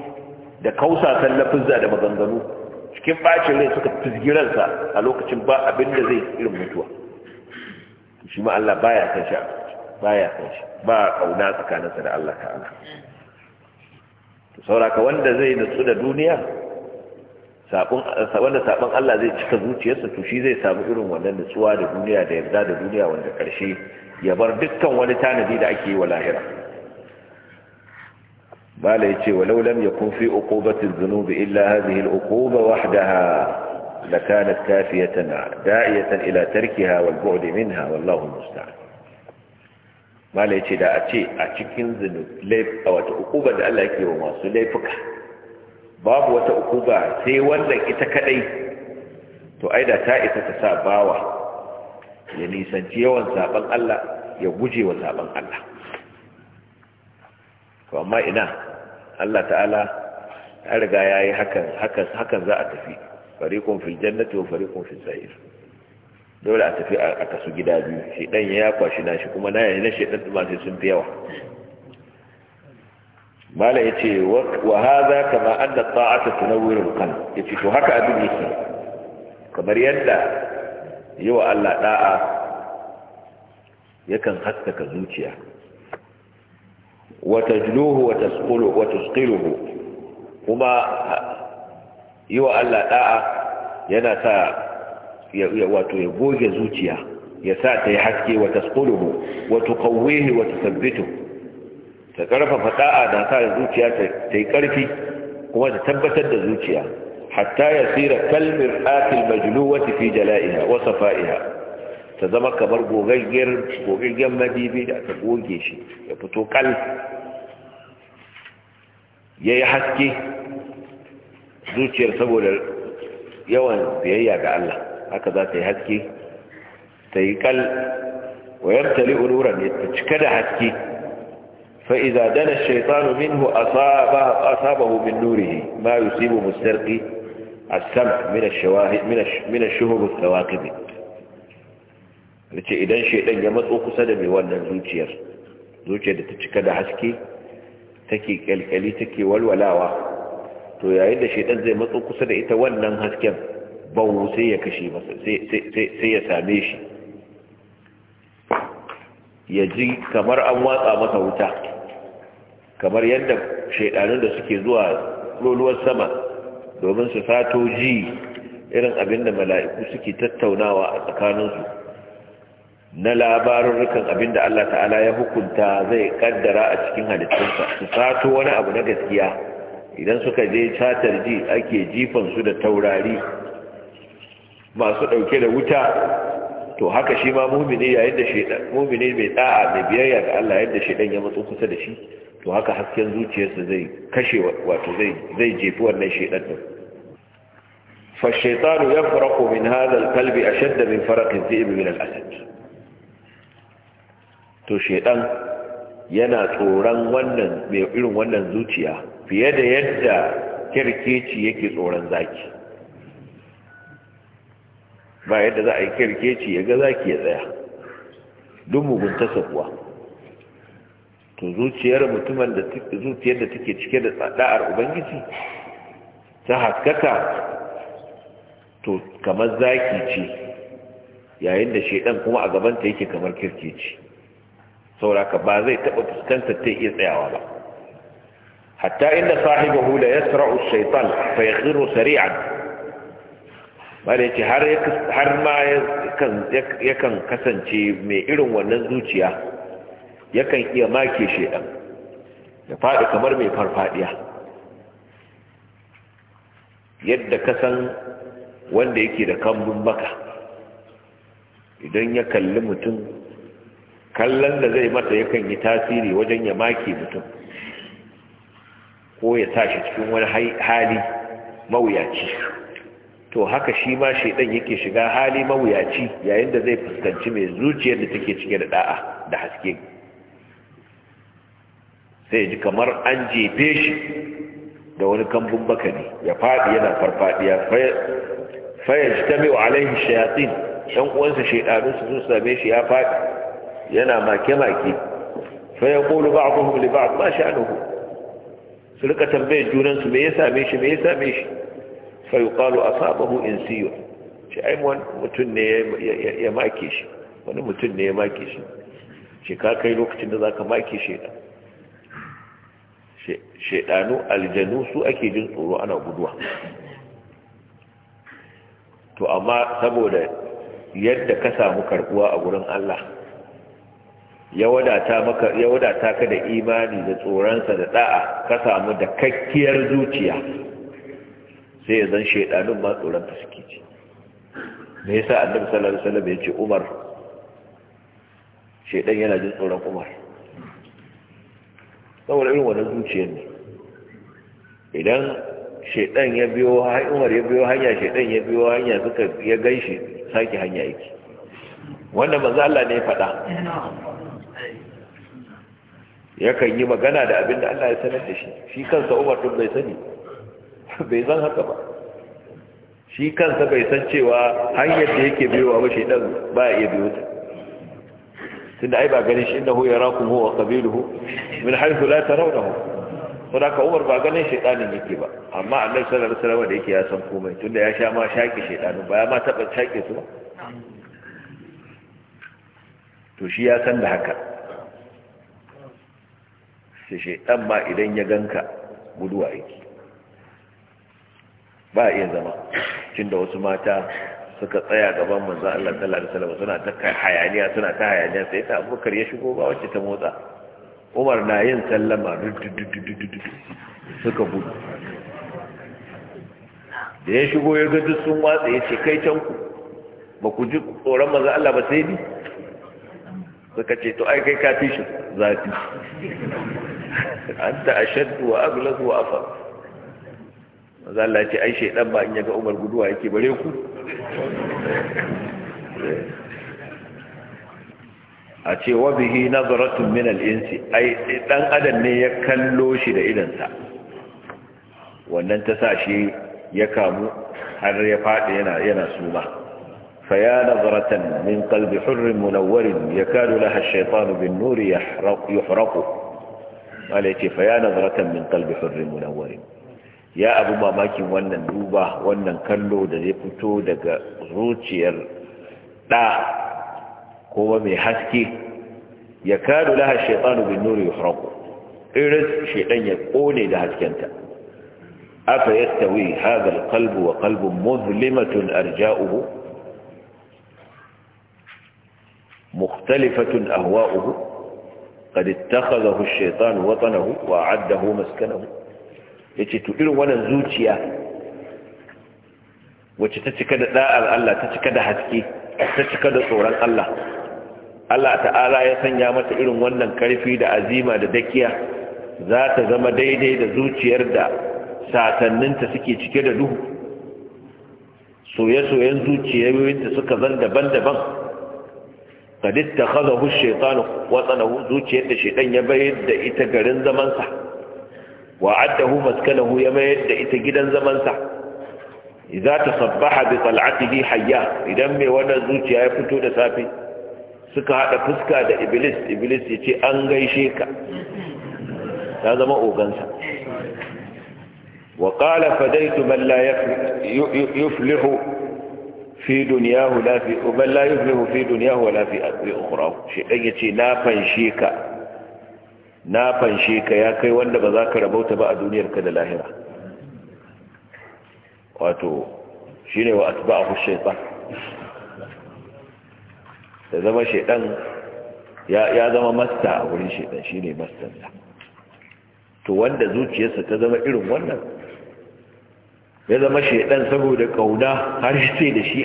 da kausatan lafizza da maganganu cikin bacin rai suka fizgirarsa a lokacin ba abin da zai irin mutuwa shi ma Allah baya kan shi baya kan shi ba kauna tsakaninsa da Allah ta'ala to sauraka wanda zai nutsu da duniya sabon wanda sabon Allah zai cika zuciyarsa to shi zai samu irin wannan nutsuwa da duniya da yarda da duniya wanda karshe ya bar dukkan wani tanadi da ake yi wa lahira bala yace walau lam yakun fi uqubati dhunubi illa hadhihi al-uquba wahdaha لكانت كافية داعية إلى تركها والبعد منها والله المستعان ما ليش دا أتي أتكين ذنب ليف أو تأقوبة دا الله يكي وماسو ليفك باب وتأقوبة سيوان لك إتكالي تو أيدا تائسة تساباوة يعني سنتيوان سابن الله يوجي وسابن الله فأما إنا الله تعالى أرجع يا هكذا هكذا هكذا أتفيه fariqun fil jannati wa fariqun fi sa'ir dole a tafi a kasu gida biyu shedan ya kwashi nashi kuma na yayin shedan ba sai sun fi yawa mala yace wa hadha kama anna ta'ata tunawwiru al ya ce, to haka abin yake kamar yadda yawa Allah ɗa'a yakan haskaka zuciya Wata tajluhu wa tasqulu kuma yi wa Allah ɗa'a yana sa ya wato ya goge zuciya ya sa ta yi haske wa tasquluhu wa tuqawwihi wa tuthabbitu ta ƙarfafa ɗa'a na sa zuciya ta yi karfi kuma ta tabbatar da zuciya hatta yasira kalmir atil wata fi jala'iha wa safa'iha ta zama kamar gogaggen madibi da aka goge shi ya fito kal ya yi haske zuciyar saboda yawan biyayya ga Allah haka za ta yi haske ta yi kal wa yamtali unuran ne ta cika da haske fa'iza dana ash minhu asaba min nurihi ma yusibu mustarqi as-sam' min ash-shawahid min ash da ath yace idan shaytan ya matso kusa da mai wannan zuciyar zuciyar da ta cika da haske take kalkali take walwalawa to yayin da shedan zai matso kusa da ita wannan hasken bawo sai ya kashe masa sai ya same shi ya ji kamar an watsa masa wuta kamar yadda shedanun da suke zuwa loluwar sama domin su sato ji irin abin da mala'iku suke tattaunawa a tsakaninsu na labarurrukan abin da Allah ta'ala ya hukunta zai kaddara a cikin halittunsa su sato wani abu na gaskiya idan suka je catar ji ake jifansu da taurari masu ɗauke da wuta to haka shi ma mumini yayin da shaidan mumini mai da'a mai biyayya ga Allah yayin da shaidan ya matso kusa da shi to haka hasken zuciyarsa zai kashe wato zai zai jefi wannan shaidan din fa shaytanu yafraqu min hadha al-qalb ashadda min faraq al-dhi'b min al-asad to shaidan yana tsoron wannan mai irin wannan zuciya fiye da yadda kirkeci yake tsoron zaki ba yadda za a yi kirkeci ya ga zaki ya tsaya duk mugunta kuwa to zuciyar mutumin da zuciyar da take cike da tsada'ar ubangiji ta haskaka to kamar zaki ce yayin da shaidan kuma a gabanta yake kamar kirkeci sauraka ba zai taɓa fuskantar ta iya tsayawa ba hatta inda صاحبه لا yasra'u الشيطان shaytan سريعا yakhiru bare ce har har ma yakan yakan kasance mai irin wannan zuciya yakan iya make dan ya fadi kamar mai farfadiya yadda kasan wanda yake da kambun baka idan ya kalli mutum kallon da zai mata yakan yi tasiri wajen ya make mutum ko ya tashi cikin wani hali mawuyaci to haka shi ma shaidan yake shiga hali mawuyaci yayin da zai fuskanci mai zuciyar da take cike da da'a da haske sai ji kamar an jefe shi da wani kambun bakani ya faɗi yana farfadiya fayar ta mai wa alaihi shayatin ɗan uwansa shaidanu su sun same shi ya faɗi yana make-make fayar ƙolu ba a kuma ba a nuhu. su rika tambayar junansu me ya same shi me ya same shi fa yuqalu asabahu insiyu shi ai mutum ne ya make shi wani mutum ne ya make shi shi ka kai lokacin da zaka make shi shaidanu aljanu su ake jin tsoro ana guduwa to amma saboda yadda ka samu karbuwa a gurin Allah ya wadata maka ya wadata ka da imani da tsoronsa da da'a ka samu da kakkiyar zuciya sai ya zan shaidanun ma tsoron ta suke ci me yasa annabi sallallahu alaihi wasallam ya ce Umar shaidan yana jin tsoron Umar saboda irin wannan zuciyar ne idan shaidan ya biyo Umar ya biyo hanya shaidan ya biyo hanya suka ya ganshi sake hanya yake wannan manzo Allah ne ya faɗa yakan yi magana da abin da Allah ya sanar da shi shi kansa Umar ɗin bai sani bai san haka ba shi kansa bai san cewa hanyar da yake biyowa ba shi dan ba ya biyo ta tunda ai ba ganin shi innahu yarakum huwa hu min haythu la da ka Umar ba ganin shedanin yake ba amma Annabi sanar alaihi da yake ya san komai tunda ya sha ma shaki shedanin ba ya ma taɓa shaki su ba to shi ya san da haka ce shaidan ma idan ya ganka guduwa yake ba iya zama cin da wasu mata suka tsaya gaban manzan Allah sallallahu alaihi wasallam suna ta hayaniya suna ta hayaniya sai ta abubakar ya shigo ba wacce ta motsa umar na yin sallama suka gudu da ya shigo ya ga sun watsa ya ce kai can ku ba ku ji tsoron manzan Allah ba sai ni suka ce to ai kai ka shi zafi anta ashaddu wa aghlaq wa afa. maza Allah ce ai shaydan ba in yaga Umar guduwa yake bare ku a ce wa bihi nazaratun min al-insi ai dan adam ne ya kallo shi da idansa wannan ta sa shi ya kamu har ya fadi yana yana suma فيا na من قلب حر منور يكاد لها الشيطان بالنور يحرق يحرقه wala yace fa ya nazaratan min qalbi hurrin munawwar ya abu mamakin wannan duba wannan kallo da zai fito daga zuciyar da kowa mai haske ya kadu laha shaytanu bin nuri yuhraqu iris shaytan ya kone da haskenta afa yastawi hadha alqalb wa qalbun muzlimatun arja'uhu مختلفة أهواؤه qad ittakhadhahu ash-shaytan watanahu wa a'addahu maskanahu yace to irin wannan zuciya wacce ta cika da da'ar Allah ta cika da haske ta cika da tsoron Allah Allah ta'ala ya sanya mata irin wannan karfi da azima da dakiya za ta zama daidai da zuciyar da satanninta suke cike da duhu soye-soyen zuciyoyinta suka zan daban-daban ka ditta kaza hu shaitanu watsana zuciyar da shaitan ya bayar da ita garin zamansa wa'adda hu maskanahu ya mayar da ita gidan zamansa idza tasabbaha bi tal'atihi hayya idan mai wannan zuciya ya fito da safe. suka hada fuska da iblis iblis ya ce an gaishe ka ta zama ogansa wa qala fadaitu man la yuflihu yu, fi duniyahu la fi ubal la yuflihu fi duniyahu wa la fi akhirati shi shedan yace na fanshe ka na fanshe ka ya kai wanda ba za ka rabauta ba a duniyar ka da lahira wato shine wa atba'ahu shaytan da zama shaytan ya zama masta a wurin shaytan shine masta to wanda zuciyarsa ta zama irin wannan ya zama shaidan saboda kauna har ce da shi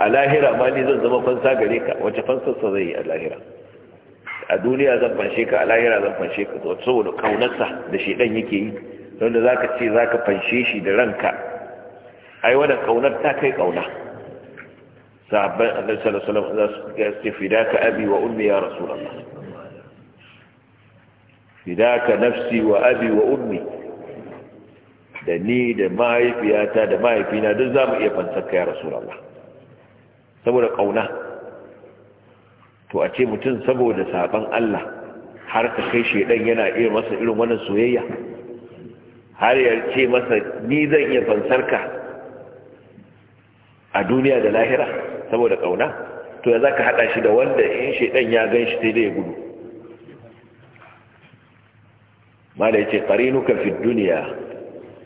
a lahira ma ni zan zama fansa gare ka wace fansarsa zai yi a lahira a duniya zan fanshe ka a lahira zan fanshe ka saboda kaunarsa da shaidan yake yi don za ka ce za ka fanshe shi da ranka ai wadda kaunar ta kai kauna sahabban annabi sallallahu alaihi wasallam za su ce fidaka abi wa ummi ya rasulullah fidaka nafsi wa abi wa ummi da ni da mahaifiyata da mahaifina duk za mu iya fansarka ya rasu Allah saboda ƙauna to a ce mutum saboda sabon Allah har ka kai shaidan yana iya masa irin wannan soyayya har ya ce masa ni zan iya fansarka a duniya da lahira saboda ƙauna to ya za ka haɗa shi da wanda in shaidan ya gan shi sai dai ya gudu ma da ya ce fi duniya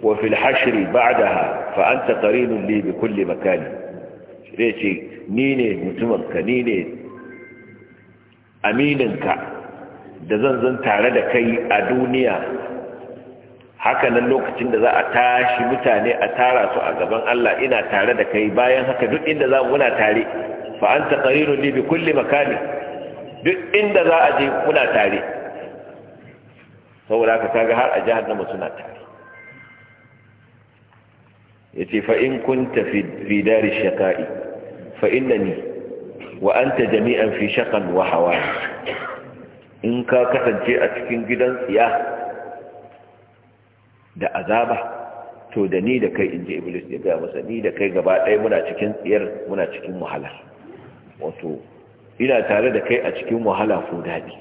وفي الحشر بعدها فأنت قرين لي بكل مكان شريتي نيني متمنك نيني أمينك دزنزن تعرض كي أدونيا haka nan lokacin da za a tashi mutane a tara su a gaban Allah ina tare da kai bayan haka duk inda za muna tare fa anta qarirun li bi kulli makani duk inda za a je muna tare saboda haka kaga har a jahannama suna tare ce fa in tafi fi dari shaka’i fa innani wa ta jami'an fi shakan wa hawa in ka kasance a cikin gidan tsiya da azaba to da ni da kai inji iblis ya gaya masa ni da kai gaba ɗaya muna cikin tsiyar muna cikin wahala wato ina tare da kai a cikin wahala ko dadi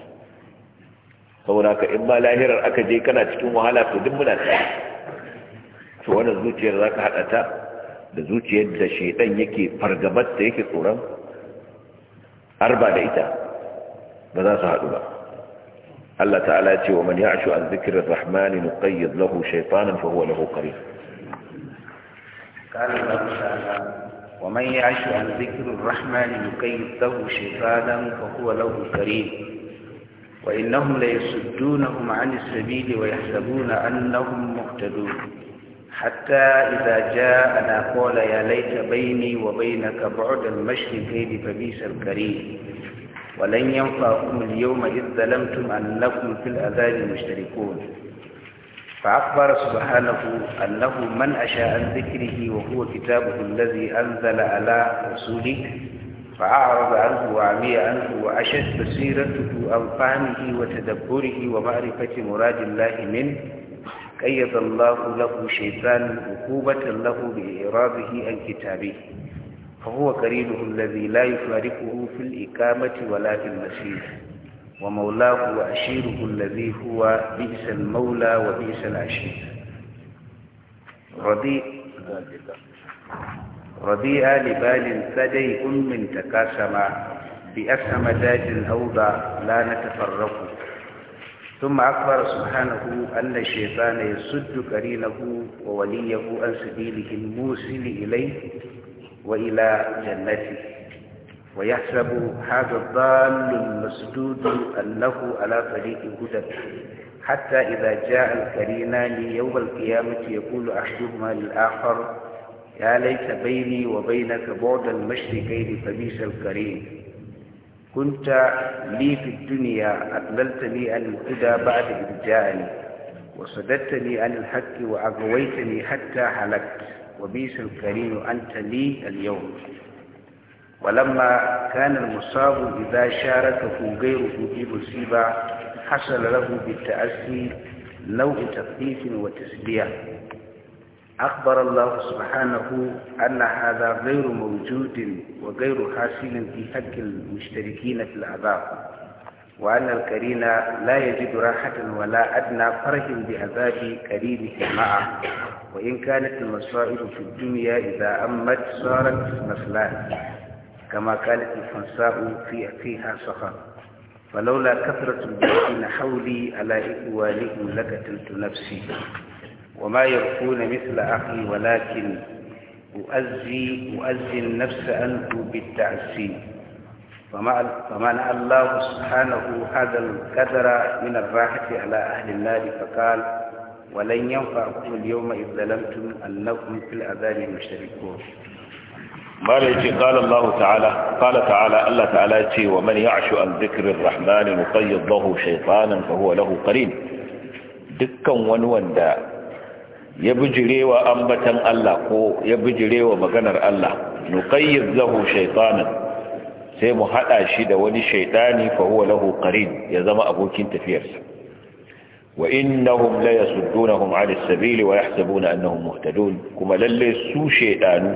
saboda ka in ma lahirar aka je kana cikin wahala to duk muna tsaye to wannan zuciyar zaka hada ta da zuciyar da shedan yake fargabar da yake tsoron arba da ita ba za su hadu ba Allah ta'ala ya ce wa man ya'shu an dhikri ar-rahman nuqayyid lahu shaytanan fa huwa lahu qarin قال الله تعالى ومن يعش عن ذكر الرحمن يكيد له شيطانا فهو له كريم وإنهم ليسدونهم عن السبيل ويحسبون أنهم مهتدون حتى إذا جاءنا قال يا ليت بيني وبينك بعد المشركين فبئس الكريم ولن ينفعكم اليوم إذ ظلمتم أنكم في الأذان مشتركون فأخبر سبحانه أنه من أشاء عن ذكره وهو كتابه الذي أنزل على رسوله فأعرض عنه وعمي عنه وأشد بصيرته عن فهمه وتدبره ومعرفة مراد الله منه قيض الله له شيطان عقوبة له بإعراضه عن كتابه فهو قرينه الذي لا يفارقه في الإقامة ولا في المسير ومولاه وأشيره الذي هو بئس المولى وبئس العشير رضي رضيع لبال ثدي من تكاسما بأسهم داج أوضى لا نتفرق ثم أخبر سبحانه أن الشيطان يسد كرينه ووليه عن سبيله الموصل إليه وإلى جنته ويحسب هذا الضال المسدود أنه على طريق هدى حتى إذا جاء الكرينان يوم القيامة يقول أحدهما للآخر يا ليت بيني وبينك بعد المشرقين فبئس الكريم كنت لي في الدنيا أضللتني عن الهدى بعد إذ جاءني وصددتني عن الحق وأغويتني حتى هلكت وبئس الكريم أنت لي اليوم ولما كان المصاب إذا شاركه غيره في مصيبة حصل له بالتأسي نوع تخفيف وتسبية أخبر الله سبحانه أن هذا غير موجود وغير حاصل في حق المشتركين في العذاب وأن الكريم لا يجد راحة ولا أدنى فرح بعذاب كريمه معه وإن كانت المصائب في الدنيا إذا أمت صارت مثلا كما كانت الفنساء في فيها صخر فلولا كثرة الذين حولي على إخوانهم لقتلت نفسي وما يبكون مثل أخي ولكن أؤذي أؤذي النفس أنت بالتعسي فمنع الله سبحانه هذا الكدر من الراحة على أهل النار فقال ولن ينفعكم اليوم إذ ظلمتم أنكم في الأذان مشتركون مالك قال الله تعالى قال تعالى الله تعالى ومن يعش عن ذكر الرحمن نقيض له شيطانا فهو له قرين دكا ونوندا ya bijirewa ambatan Allah ko ya bijirewa maganar Allah nuqayyiz lahu shaytanan sai mu hada shi da wani shaytani fa huwa lahu qarin ya zama abokin tafiyarsa wa innahum la yasuddunhum 'ala as-sabil wa yahsabuna annahum muhtadun kuma lalle su shaiɗanu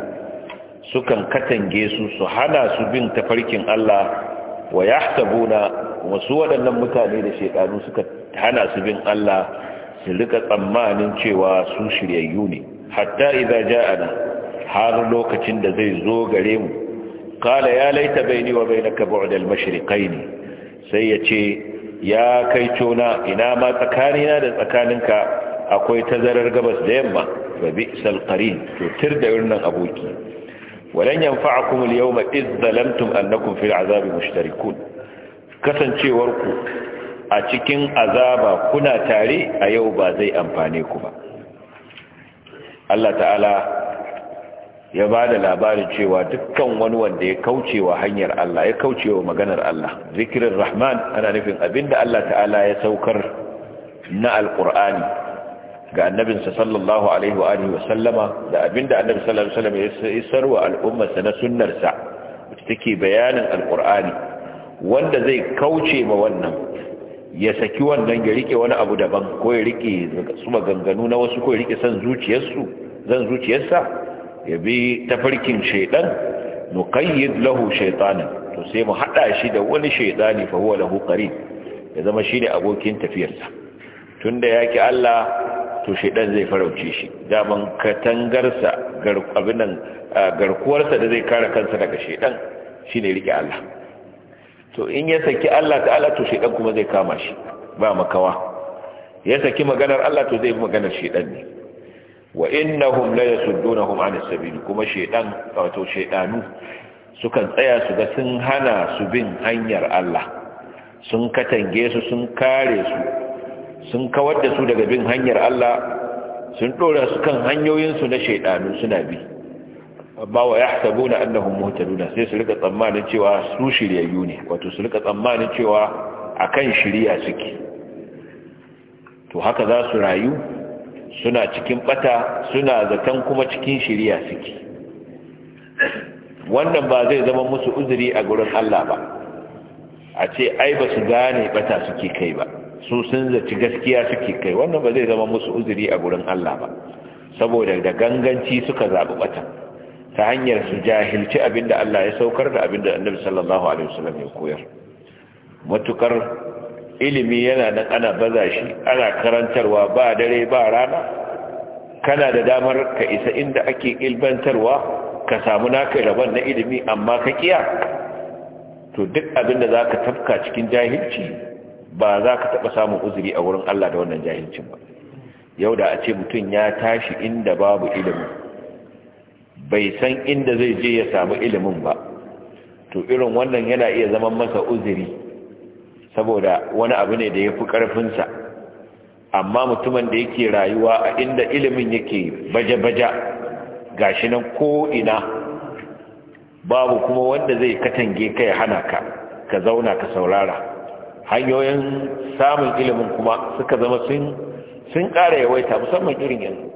sukan katange su su hana su bin tafarkin Allah wa yahsabuna kuma su waɗannan mutane da shaiɗanu suka hana su bin Allah su rika tsammanin cewa su shiryayyu ne hatta idza ja'ana har lokacin da zai zo gare mu qala ya laita baini wa bainaka bu'd al-mashriqayn sai yace ya kai tona ina ma tsakanina da tsakaninka akwai tazarar gabas da yamma fa bi'sal qarin to tir da wannan aboki walan yanfa'akum al-yawma idh zalamtum annakum fil 'adhabi mushtarikun kasancewarku a cikin azaba kuna tare a yau ba zai amfane ku ba Allah ta'ala ya ba da labarin cewa dukkan wani wanda ya kaucewa hanyar Allah ya kaucewa maganar Allah zikirin rahman ana nufin abinda Allah ta'ala ya saukar na alkur'ani ga annabinsa sallallahu alaihi wa alihi wa sallama da abinda annabi sallallahu alaihi wa sallam ya isarwa al'ummarsa na sunnarsa take bayanin alkur'ani wanda zai kauce ma wannan ya saki wannan ya rike wani abu daban ko ya rike su maganganu na wasu ko ya rike san zuciyarsu zan zuciyarsa ya bi tafarkin shaidan nuqayyid lahu shaytanan to sai mu hada shi da wani shaydani fa huwa lahu qarin ya zama shine abokin tafiyarsa tunda yake Allah to shaydan zai farauce shi daman katangarsa garkuwarsa da zai kare kansa daga shaydan shine rike Allah to in ya saki Allah ta'ala to shaidan kuma zai kama shi ba makawa ya saki maganar Allah to zai maganar shaidan ne wa innahum la yasuddunahum as sabil kuma shaidan wato shaidanu sukan tsaya su ga sun hana su bin hanyar Allah sun katange su sun kare su sun kawar da su daga bin hanyar Allah sun dora su kan hanyoyinsu na shaidanu suna bi amma wa yahsabuna annahum muhtaduna sai su rika tsammanin cewa su shiryayyu ne wato su rika tsammanin cewa akan shirya suke to haka za su rayu suna cikin bata suna zaton kuma cikin shirya suke wannan ba zai zama musu uzuri a gurin Allah ba a ce ai ba su gane bata suke kai ba su sun zaci gaskiya suke kai wannan ba zai zama musu uzuri a gurin Allah ba saboda da ganganci suka zaɓi batan ta hanyar su jahilci abinda Allah ya saukar da abinda annabi sallallahu alaihi wasallam ya koyar matukar ilimi yana nan ana baza shi ana karantarwa ba dare ba rana kana da damar ka isa inda ake ilbantarwa ka samu naka rabon na ilimi amma ka kiya to duk abinda zaka tafka cikin jahilci ba za ka taɓa samun uzuri a wurin Allah da wannan jahilcin ba yau da a ce mutum ya tashi inda babu ilimi. bai san inda zai je ya samu ilimin ba to irin wannan yana iya zama masa uzuri saboda wani abu ne da ya fi ƙarfinsa amma mutumin da yake rayuwa a inda ilimin yake baje baja gashi nan ko'ina babu kuma wanda zai katange kai hana ka ka zauna ka saurara hanyoyin samun ilimin kuma suka zama sun ƙara yawaita musamman irin yanzu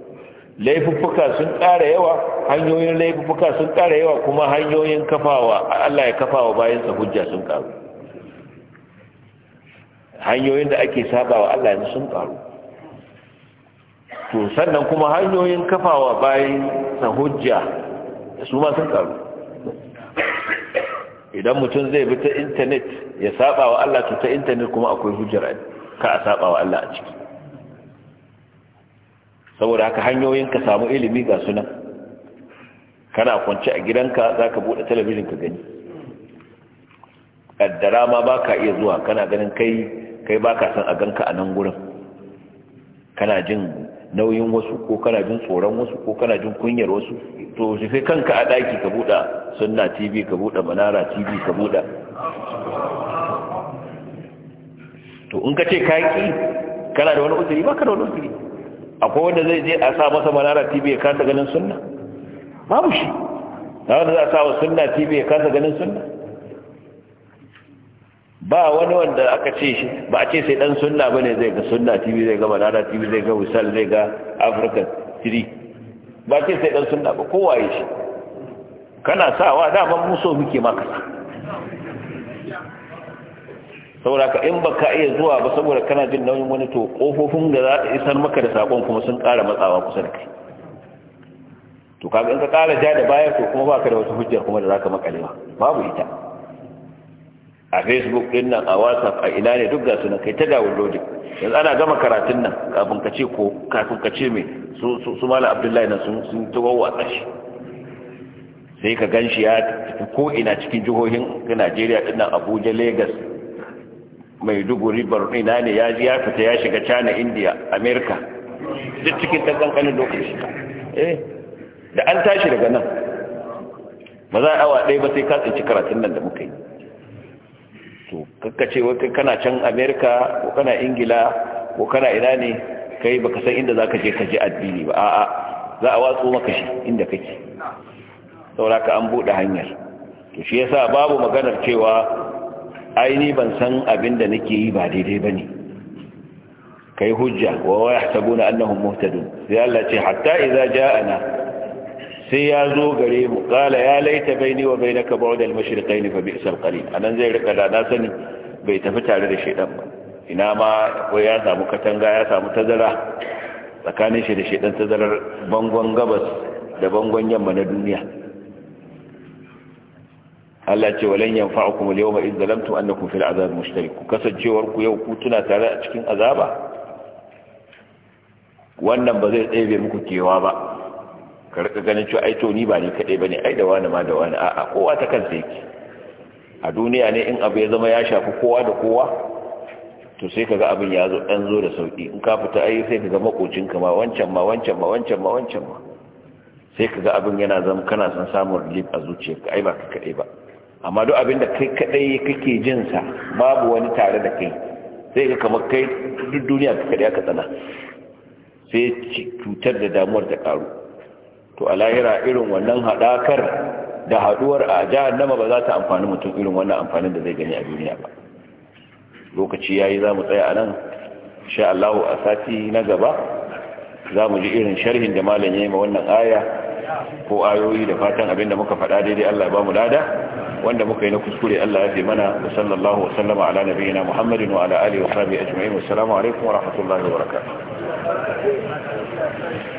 laifuffuka sun ƙara yawa hanyoyin laifuffuka sun ƙara yawa kuma hanyoyin kafawa Allah ya kafawa bayansa hujja sun ƙaru hanyoyin da ake sabawa Allah ne sun ƙaru to sannan kuma hanyoyin kafawa bayansa hujja su ma sun ƙaru idan mutum zai bi ta intanet ya sabawa Allah to ta intanet kuma akwai hujjar ka a sabawa Allah a ciki saboda haka hanyoyin ka samu ilimi ga sunan kana kwance a gidanka za ka buɗe talabijin ka gani ƙaddara ma ba ka iya zuwa kana ganin kai kai ba ka san a ganka a nan gurin kana jin nauyin wasu ko kana jin tsoron wasu ko kana jin kunyar wasu to sai kanka a ɗaki ka buɗa, sunna tv ka buɗa, manara tv ka buɗa. to in ka ce ka ƙi kana da wani uzuri ba ka da wani uzuri akwai wanda zai je a sa masa manara tv ya kasa ganin sunna babu shi na wanda za a sa wa sunna tv ya kasa ganin sunna ba wani wanda aka ce shi ba a ce sai dan sunna bane zai ga sunna tv zai ga manara tv zai ga wisal zai ga africa 3 ba ce sai dan sunna ba Kowa yi shi kana sawa daban muso muke maka saboda ka in baka iya zuwa ba saboda kana jin nauyin wani to kofofin da za a isar maka da sakon kuma sun kara matsawa kusa da kai to kaga in ka ƙara ja da baya to kuma baka da wata hujja kuma da zaka ba babu ita a facebook din nan a whatsapp a ina ne duk ga sunan kai ta dawo downloading yanzu ana gama karatun nan kafin ka ce ko kafin ka ce me su su su mala abdullahi nan sun sun wa tsashi sai ka ganshi ya ko ina cikin jihohin Najeriya din nan Abuja Lagos maiduguri borno ina ne ya ji ya fita ya shiga china india america duk cikin ɗan ƙanƙanin lokaci eh da an tashi daga nan ba za a awa ɗaya ba sai ka tsinci karatun nan da muka yi to ce wai kana can america ko kana ingila ko kana ina ne kai baka san inda za ka je ka je addini ba a'a za a watso maka shi inda kake ka an buɗe hanyar to shi yasa babu maganar cewa aini ban san abin da nake yi ba daidai ba ne kai hujja wa wa na annahum muhtadun sai Allah ce hatta idza ja'ana sai ya zo gare mu kala ya laita baini wa bainaka bu'd al-mashriqayn fa bi'sa al-qalil anan zai rika da na sani bai tafi tare da shedan ba ina ma ko ya samu katanga ya samu tazara tsakanin shi da shedan tazarar bangon gabas da bangon yamma na duniya Allah ce walan yanfa'ukum al-yawma idh zalamtum annakum fil azab ku kasancewar ku yau ku tuna tare a cikin azaba wannan ba zai tsaye muku kewa ba ka rika ganin cewa ai to ni ba ni kadai bane ai da wani ma da wani a'a kowa ta kan yake a duniya ne in abu ya zama ya shafi kowa da kowa to sai kaga abin ya zo dan zo da sauki in ka fita ai sai kaga makocin ka ma wancan ma wancan ma wancan ma wancan ma sai kaga abin yana zama kana san samun relief a zuciyarka ai ba ka kadai ba amma duk abin da kai kadai kake jin sa babu wani tare da kai sai ka kamar kai duk duniya ka kadai ka tsana sai cutar da damuwar ta karu to a lahira irin wannan hadakar da haduwar a jahannama ba za ta amfani mutum irin wannan amfanin da zai gani a duniya ba lokaci yayi za mu tsaya a nan sha'alahu Allah a sati na gaba za mu ji irin sharhin da malam yi ma wannan aya ko ayoyi da fatan abin da muka faɗa daidai Allah bamu ba mu lada wanda muka yi na kuskure Allah ya mana wa sallallahu wa sallama ala nabiyyina Muhammadin wa ala alihi wa sahbihi ajma'in wa assalamu alaikum wa rahmatullahi wa barakatuh